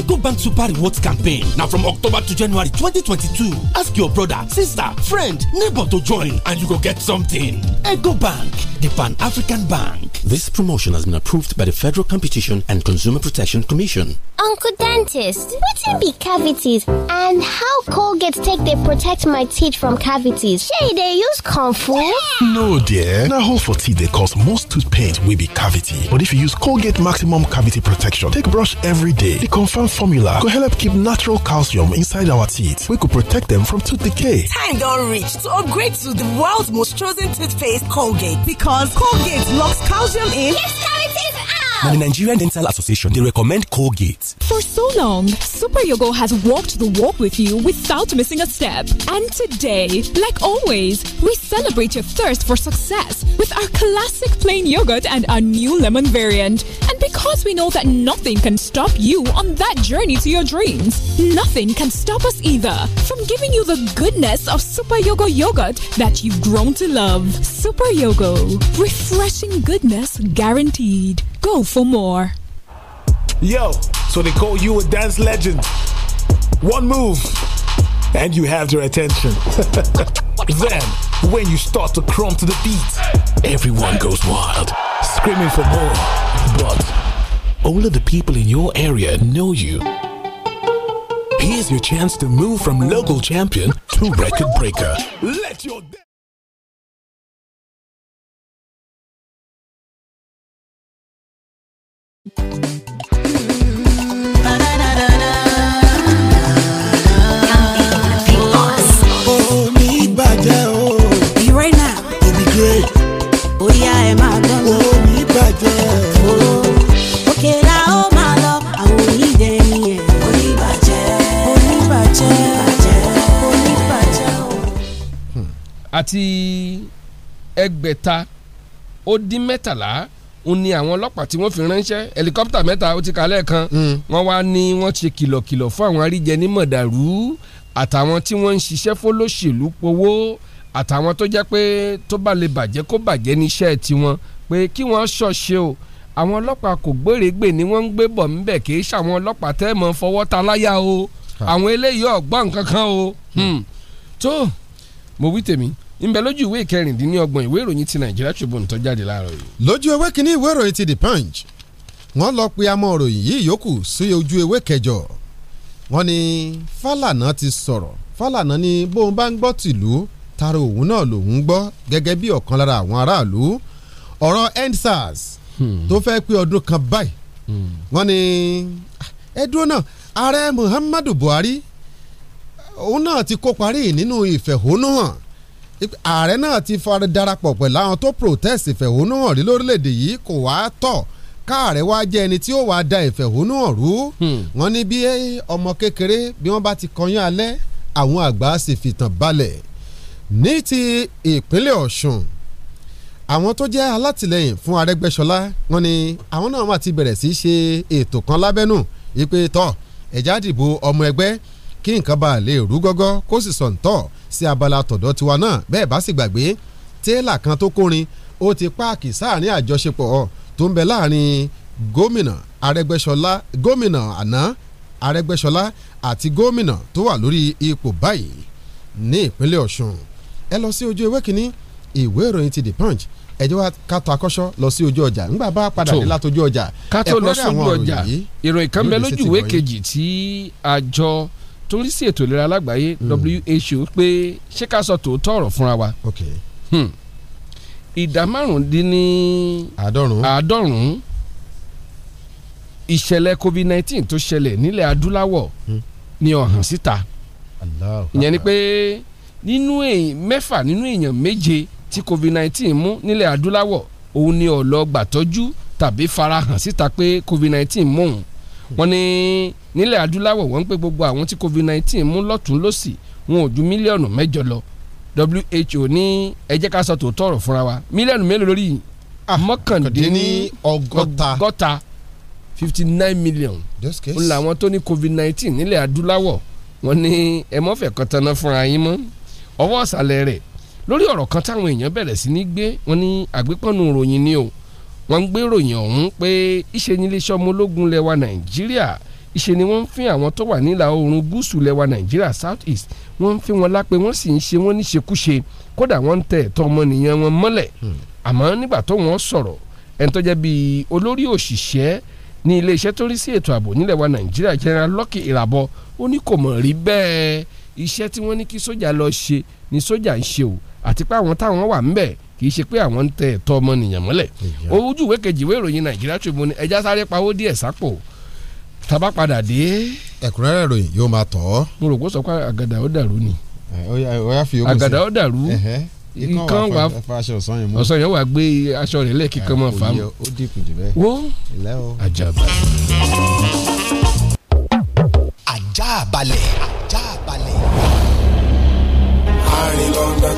ecobank super rewards campaign na from october to january twenty twenty-two ask your brother sister friend neighbor to join and you go get something ecobank the pan-african bank. Bank. This promotion has been approved by the Federal Competition and Consumer Protection Commission. Uncle Dentist, what be cavities and how Colgate take they protect my teeth from cavities? Shay, they use comfort? No, dear. Now, hold for teeth they cause most tooth pain will be cavity. But if you use Colgate Maximum Cavity Protection, take brush every day. The confirmed formula could help keep natural calcium inside our teeth. We could protect them from tooth decay. Time don't reach to upgrade to the world's most chosen toothpaste, Colgate. Because Colgate Box Calcium in. Yes, now, the Nigerian Dental Association, they recommend Colgate. For so long, Super Yogo has walked the walk with you without missing a step. And today, like always, we celebrate your thirst for success with our classic plain yogurt and our new lemon variant. And because we know that nothing can stop you on that journey to your dreams, nothing can stop us either from giving you the goodness of Super Yogo yogurt that you've grown to love. Super Yogo, refreshing goodness guaranteed. Go for more. Yo, so they call you a dance legend. One move, and you have their attention. then, when you start to crumb to the beat, everyone goes wild, screaming for more. But all of the people in your area know you. Here's your chance to move from local champion to record breaker. Let your àti ẹgbẹ̀ta ó dín mẹ́tàlá n ni àwọn ọlọ́pàá tí wọ́n fi ránṣẹ́ helicopter mẹ́ta ó ti kalẹ̀ kan hmm. wọ́n wá ní wọ́n ṣe kìlọ̀kìlọ̀ fún àwọn aríjẹ ní mọ̀dàrú àtàwọn tí wọ́n ń ṣiṣẹ́ fọlọ́ṣèlú powó àtàwọn tó jẹ́ pé tó bá lè bàjẹ́ kó bàjẹ́ níṣẹ́ tiwọn pé kí wọ́n ṣọ̀ṣe o àwọn ọlọ́pàá kò gbèrègbè ni wọ́n ń gbé bọ̀ ńbẹ̀ kì í ṣàwọn ọlọ́pàá tẹ́ o àwọn eléyìí ọ̀gbọ́n kankan o hmm. Hmm. tó mo ńbẹ lójú ìwé ìkẹrìndínlọ́gbọ̀n ìwé ìròyìn ti Nigeria Tribune tó jáde láàárọ̀ yìí. lójú ewé kínní ìwé ìròyìn ti The Punch wọ́n lọ pe amọ̀ òròyìn yìí yòókù sí ojú ewé kẹjọ wọ́n ní Fálànà ti sọ̀rọ̀ Fálànà ni bóun bá ń gbọ́ tìlú tara òun náà lòun gbọ́ gẹ́gẹ́ bí ọ̀kan lára àwọn aráàlú ọ̀rọ̀ EndSARS hmm. tó fẹ́ pé ọdún kan báyìí hmm. wọ́n ní ẹ náà ààrẹ Muhammadu Buhari òun náà ti kó parí nínú ìfẹ̀hónúhàn ààrẹ náà ti fara darapọ̀ pẹ̀lú àwọn tó protest ìfẹ̀hónú hàn rí lórílẹ̀‐èdè yìí kò wá tọ̀ káàrẹ wá jẹ́ ẹni tí ó wàá da ìfẹ̀hónú hàn rú hmm. wọ́n ní bí ọmọ kékeré bí wọ́n bá ti kọyán alẹ́ àwọn àgbà sì fìtàn balẹ̀ ní ti ìpínlẹ̀ Ọ̀ṣun àwọn tó jẹ́ alátìlẹyìn fún Arẹ́gbẹ́ṣọlá wọ́n ní àwọn náà wà ti bẹ̀rẹ̀ sí í ṣe ètò kan lábẹ́nú ìpè tọ́ ẹ̀já dìbò ọmọ ẹgbẹ́ kí nǹkan bá lè rú gọ́gọ́ kó sì sọ̀ ń tọ̀ sí abala tọ̀dọ̀ tiwa náà bẹ́ẹ̀ bá sì gbàgbé tẹ́lá kan tó kórin ó ti páàkì sáàrin àjọṣepọ̀ tó ń bẹ láàrin gómìnà Arẹ́gbẹ́ṣọlá gómìnà àná Arẹ́gbẹ́ṣọlá àti gómìnà tó wà lórí ipò báyìí ní ìpínlẹ̀ Ọ̀ṣun ẹ lọ sí ojú ewé kínní ìwé ìròyìn ti The Punch ẹ jẹ́ ká tó akọ́ṣọ́ lọ sí ojú ọjà ńgbà bá padà dé látojú ọjà ẹ kúrẹ́ àwọn ọ̀rọ̀ yìí ìròyìn kan bẹ lójú ìwé kejì tí àjọ tó ń rí sí ètò ìlera lágbàáyé hmm. WHO pé ṣé ká sọ tòótọ́ ọ̀rọ̀ fúnra wa hmm. ìdá márùndínní àádọ́rùn-ún ìṣẹ̀lẹ̀ COVID-19 tó ṣẹlẹ̀ nílẹ̀ adúláwọ̀ hmm. ni ọ̀hàn síta ìyẹn ni pé nínú èèyàn mẹ́fà nínú èèyàn méje tí COVID-19 mú nílẹ̀ adúláwọ̀ òun ni ó lọ gbàtọ́jú tàbí farahàn síta pé covid nineteen mú òun wọ́n ní nílẹ̀ adúláwọ̀ wọ́n ń pè gbogbo àwọn tí covid nineteen mú lọ́tún lọ́sì wọn ò ju mílíọ̀nù mẹ́jọ lọ WHO ní ẹ jẹ́ ká sọ tòótọ́ ọ̀rọ̀ fúnra wa mílíọ̀nù mélòó lórí mọ́kàndínlọ́gọ́ta fifty nine million ó làwọn tó ní covid nineteen nílẹ̀ adúláwọ̀ wọ́n ní ẹ mọ́fẹ́ kan tanná fúnra yín mọ́ ọwọ́ ọ̀sàlẹ̀ rẹ̀ lórí ọ̀rọ̀ kan táwọn èèyàn bẹ̀rẹ̀ sí ní gbé wọ́n ní àgbépọ̀nù ròyìn ni o wọ́n ń gbéròyìn ọ̀hún pé ìṣe ni iléeṣẹ́ ọmọ ológun lẹ́wà nàìjíríà ìṣe ni wọ́n ń fi àwọn tó wà nílà oòrùn gúúsù lẹ́wà nàìjíríà south east wọ́n ń fi wọn lápẹ́ wọ́n sì ń ṣe wọ́n níṣekúṣe kódà wọ́n ń tẹ ẹ̀tọ́ ọmọnìyàn wọn mọ́lẹ̀ hmm. àmọ́ nígbà tó wọ́n sọ̀rọ̀ ẹni tó olórí òṣìṣẹ́ ní iléeṣẹ́ tó rí sí ètò ààbò nílẹ̀ wa nàìjíríà general Lucky Irabọ ó ní kò mọ̀ rí bẹ́ẹ̀ iṣẹ́ tí wọ́n ní kí sójà lọ ṣe ni sójà ń ṣe o àti pé àwọn táwọn wà ńbẹ̀ kì í ṣe pé àwọn ń tẹ ẹ̀tọ́ ọmọnìyàn mọ́lẹ̀ ojú ìwé kejì ìwé ìròyìn nàìjíríà Tribune ẹja sáré pawó díẹ̀ sápò tàbá padà dé. ẹ̀kúnrẹ́rẹ́ ìròyìn yóò máa tọ̀ ọ́. mo rò pé sọ pé àgàdà ó dàrú ni. àgàdà ó dàrú ikan wa ọsàn yẹn wà gbé aṣọ rẹ̀ lẹ́ẹ̀kíkan mọ́ fam wo ajaba. ajá balẹ̀ ajá balẹ̀ àrìlọ́nà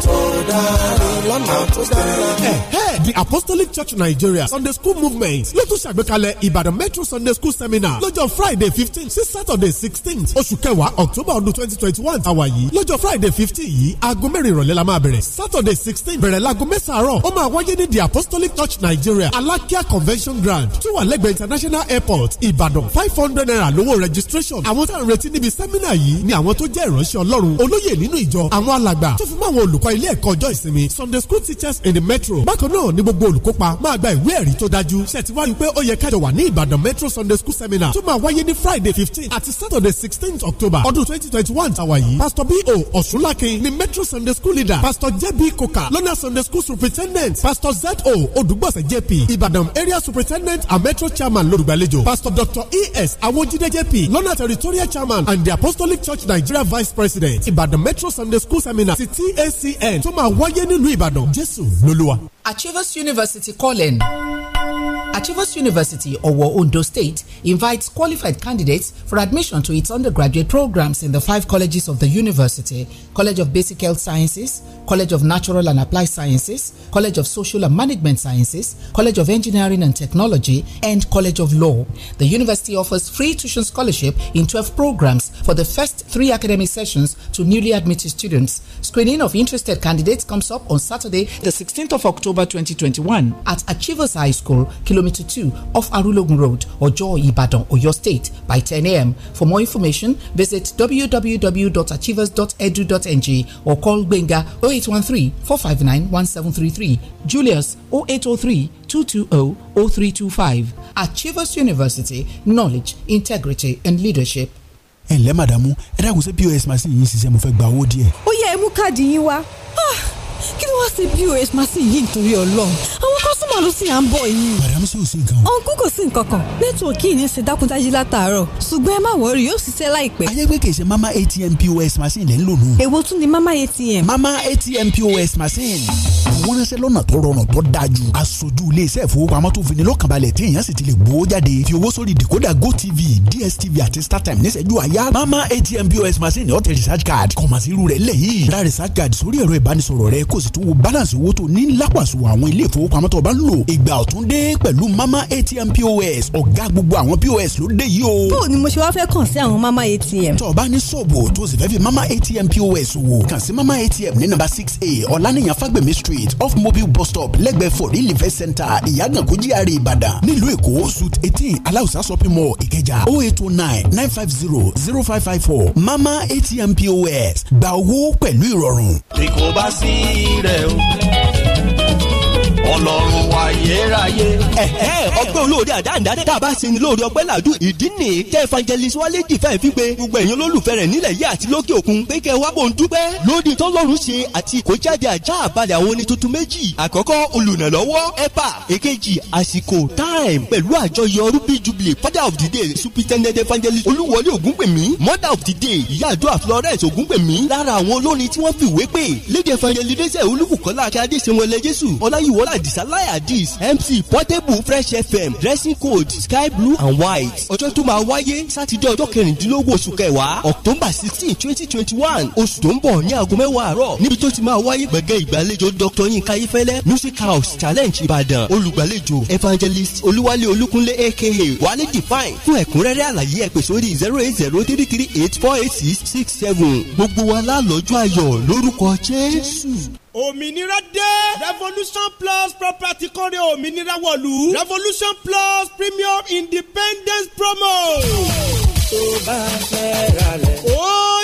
The Apostolic Church Nigeria Sunday School Movement ló tún ṣàgbékalẹ̀ Ìbàdàn Metro Sunday School Seminar lọ́jọ́ Friday fifteen sí Saturday sixteen oṣù kẹwàá October ọdún twenty twenty one tàwa yìí lọ́jọ́ Friday fifteen yìí aago mẹ́rin ìrọ̀lẹ́ la máa bẹ̀rẹ̀ Saturday sixteen bẹ̀rẹ̀ laago mẹ́sàárọ̀ ó máa wáyé ní The Apostolic Church Nigeria Alakia Convention Ground tó wà International Airport Ìbàdàn five hundred naira lówó registration àwọn tá à ń retí níbi sẹ́mínà yìí ni àwọn tó jẹ́ ìránṣẹ́ Ọlọ́run olóyè nínú ìjọ àwọn alàgbà gbà. tó fún mọ́ àwọn olùkọ́ ilé ẹ̀kọ́ ọjọ́ ìsinmi Sunday school teachers in the metro. bákan náà ni gbogbo olùkópa máa gba ìwé ẹ̀rí tó dájú. ṣètìwájú pé ó yẹ kájọ wà ní Ìbàdàn metro Sunday school seminar tó máa wáyé ní Friday fifteen àti Saturday sixteen October ọdún twenty twenty one tàwa yìí. Pastor B.O. Ọ̀ṣunlákin ni metro Sunday school leader Pastor J.B. Koka lọ́nà Sunday school superintendent Pastor Z.O. Odùgbọ̀sẹ̀ J.P. Ìbàdàn area superintendent and metro chairman lórúgbàlejò Pastor Dr. E.S. Awojide J.P. lọ́nà territorial chairman and the apostolic church Nigeria vice president Ìbàdàn metro Sunday school seminar ti TACN tó máa wáyé nílùú Ìbàdàn Jésù lolúwa. Achievers University calling. Achievers University, Owo Ondo State, invites qualified candidates for admission to its undergraduate programs in the five colleges of the university College of Basic Health Sciences, College of Natural and Applied Sciences, College of Social and Management Sciences, College of Engineering and Technology, and College of Law. The university offers free tuition scholarship in 12 programs for the first three academic sessions to newly admitted students. Screening of interested candidates comes up on Saturday, the 16th of October. October 2021 at Achievers High School, Kilometer 2 off Arulogun Road, Ojo, Ibadan, Oyo State by 10 a.m. For more information, visit www.achievers.edu.ng or call Benga 0813 459 1733, Julius 0803 220 0325. Achievers University, knowledge, integrity and leadership. ẹ ǹlẹ́ màdàmú ẹ dákun ṣé pos machine yìí ń ṣiṣẹ́ mo fẹ́ gba owó díẹ̀. ó yẹ ẹ mú káàdì yín wá. Ah kí ló wá ṣe pos machine yìí nítorí ọlọ́run àwọn kọ́sùmọ̀ ló sì à ń bọ̀ yìí. madam sì ò sí nǹkan o. ọ̀nkú kò sí nǹkan kan nẹ́tíwọ̀kì yìí ń ṣe dákúndájí látàárọ̀ ṣùgbọ́n ẹ má wọrí yóò ṣiṣẹ́ láìpẹ́. ayégbé kì í ṣe mama atm pos machine lẹ́ ń lò nù. èwo tún ni mama atm. mama atm pos machine. wọ́n ránṣẹ́ lọ́nà tó rọrùn tó dáa ju. aṣojú iléeṣẹ́ ìfowópamọ́ tó fi ní lọ́kànbalẹ̀ tí èèyàn sì ti lè gbowó jáde dstv àti startime níṣẹ́jú àyà mama atm pos machine ọ̀tẹ̀ research card kọ̀mọ̀sí irú rẹ̀ lẹ́yìn ra card sórí ẹ̀rọ ìbánisọ̀rọ̀ rẹ kò sì tún wo balance owó tó ní lápàṣù àwọn ilé ìfowópamọ́ tó bá ń lò ìgbà ọ̀tún dé pẹ̀lú mama atm pos ọ̀gá gbogbo àwọn pos ló dé yìí o. bó ni mo ṣe wá fẹ́ kàn sí àwọn mama atm. tó bá ní ṣọ́ọ̀bù tó sì fẹ́ fi mama atm pos wò kàn sí mama atm ní nàmbà six a ọ̀lànìyàn fagbemi street off mobile bus stop lẹ́gbẹ̀ẹ́ for real event center ìyàgànkó GRA e ìbàdàn nílùú èkó suit eighteen aláùsá shopping mall ìkẹjà O oh eight oh nine nine five zero zero five five four mama atm pos gba owó pẹ̀lú ìrọ̀rùn. bí bá sí i Ireo ọlọ́run wa yéráyé. ẹ̀hẹ́ ọpẹ́ olóore àdáǹdá tá a bá ṣe ni lóore ọpẹ́ làdú ìdí nì tẹ́ evangelist wálé dìfẹ́ fi pé gbogbo ẹ̀yin olólùfẹ́ rẹ̀ nílẹ̀ yìí àti lókè òkun pé kẹ́ wá bò ń dúpẹ́ lódì tọ́lọ́run ṣe àti ìkójáde àjá àbálẹ̀ àwọn oní tuntun méjì àkọ́kọ́ olùrànlọ́wọ́ ẹ̀pà èkejì àsìkò time pẹ̀lú àjọyọ̀ rúbí jubilee father of the day superintendent evangelist olúwọlé ògúnpèmí mother of the day ìyá àdúrà florence ògúnpèmí lára àwọn olórin tí wọ́n fi ìwé pé lédè evangelist olúbùkọ́lá akẹ́ adéṣẹ́wọlẹ̀ jésù ọláyíwọlá àdìsá láyà dis mc portable fresh fm dressing code sky blue and white ọjọ́ tó máa wáyé sátidé ọjọ́ kẹrìndínlógún oṣù kẹwàá october sixteen twenty twenty one oṣù tó ń bọ̀ ní aago mẹ́wàá àárọ̀ níbi tó ti máa wáyé gbẹ̀gẹ́ ìgbàlejò dr yinka ayefẹ́lẹ́ music house challenge ìbàdàn olùgbàlejò evangelist olúwalé olúkunlé aka wálé define fún ẹ̀kúnrẹ́rẹ́ àlàyé ẹ pè sórí zero eight zero three three eight four eight six six seven gbogbo wa lálọ́jọ́ ayọ̀ lórúkọ jésù òmìnira dé. revolution plus property kọ́rẹ́ òmìnira wọ̀lú. revolution plus premium independence promo. tó bá fẹ́ ra lẹ̀. ó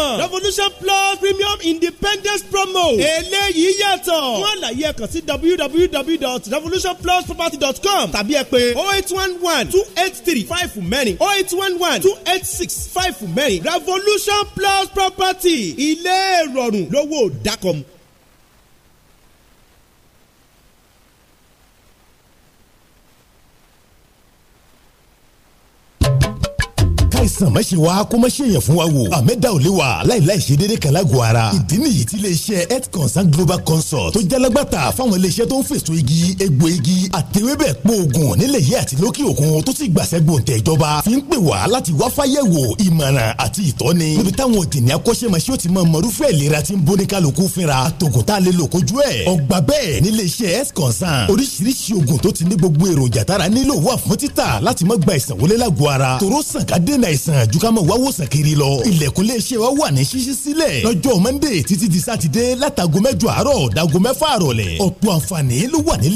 promo. revolution plus premium independence promo. eléyìí yàtọ̀. fún àlàyé ẹ kàn sí www.revolutionplusproperty.com tàbí ẹ pè oh eight one one two eight three five fún mẹ́rin oh eight one one two eight six five fún mẹ́rin revolution plus property ilé ìrọ̀rùn lówó dákọ̀mù. àìsàn má wá kó má yẹn fún wa wò àmẹ́dá ò lè wà láìláì ṣe déédéé kan lágọ̀ọ́ ara ìdí nìyí tí iléeṣẹ́ health consult global consult tó jalagbàtà fáwọn iléeṣẹ́ tó ń fèsò igi egbò igi àtẹwébẹ̀ pòògùn nílẹ̀ yìí àti lókè òkun tó sì gbàṣẹ́ gbòǹtẹ̀ ìjọba fi ń pè wá láti wá fáyẹ̀wò ìmọ̀ràn àti ìtọ́ni níbi táwọn òdìní akọ́ṣẹ́mọṣẹ́ ò ti mọ mọ̀rúfẹ́ ìlera tí ń bóni kálukú fínra àtògùn tá a lè lò kojú ẹ̀ ọgbà bẹ́ẹ̀ nílé iṣẹ́ health consult oríṣiríṣi ògùn tó ti ní gbogbo èròjà tára nílò wà fún títà láti má gba ìsàn wọlé lágọ̀ọ́ ara tòró sàn ká dènà àìsàn àjùkámọ̀ wá wòsàn kiri lọ. ilẹ̀kùn lè ṣe wá wà ní ṣíṣí sílẹ̀. lọ́jọ́ monday títí di sátidé látago mẹ́jọ àárọ̀ dago mẹ́fà àrọ̀lẹ̀. ọ̀pọ̀ àǹfààní ló wà nílẹ̀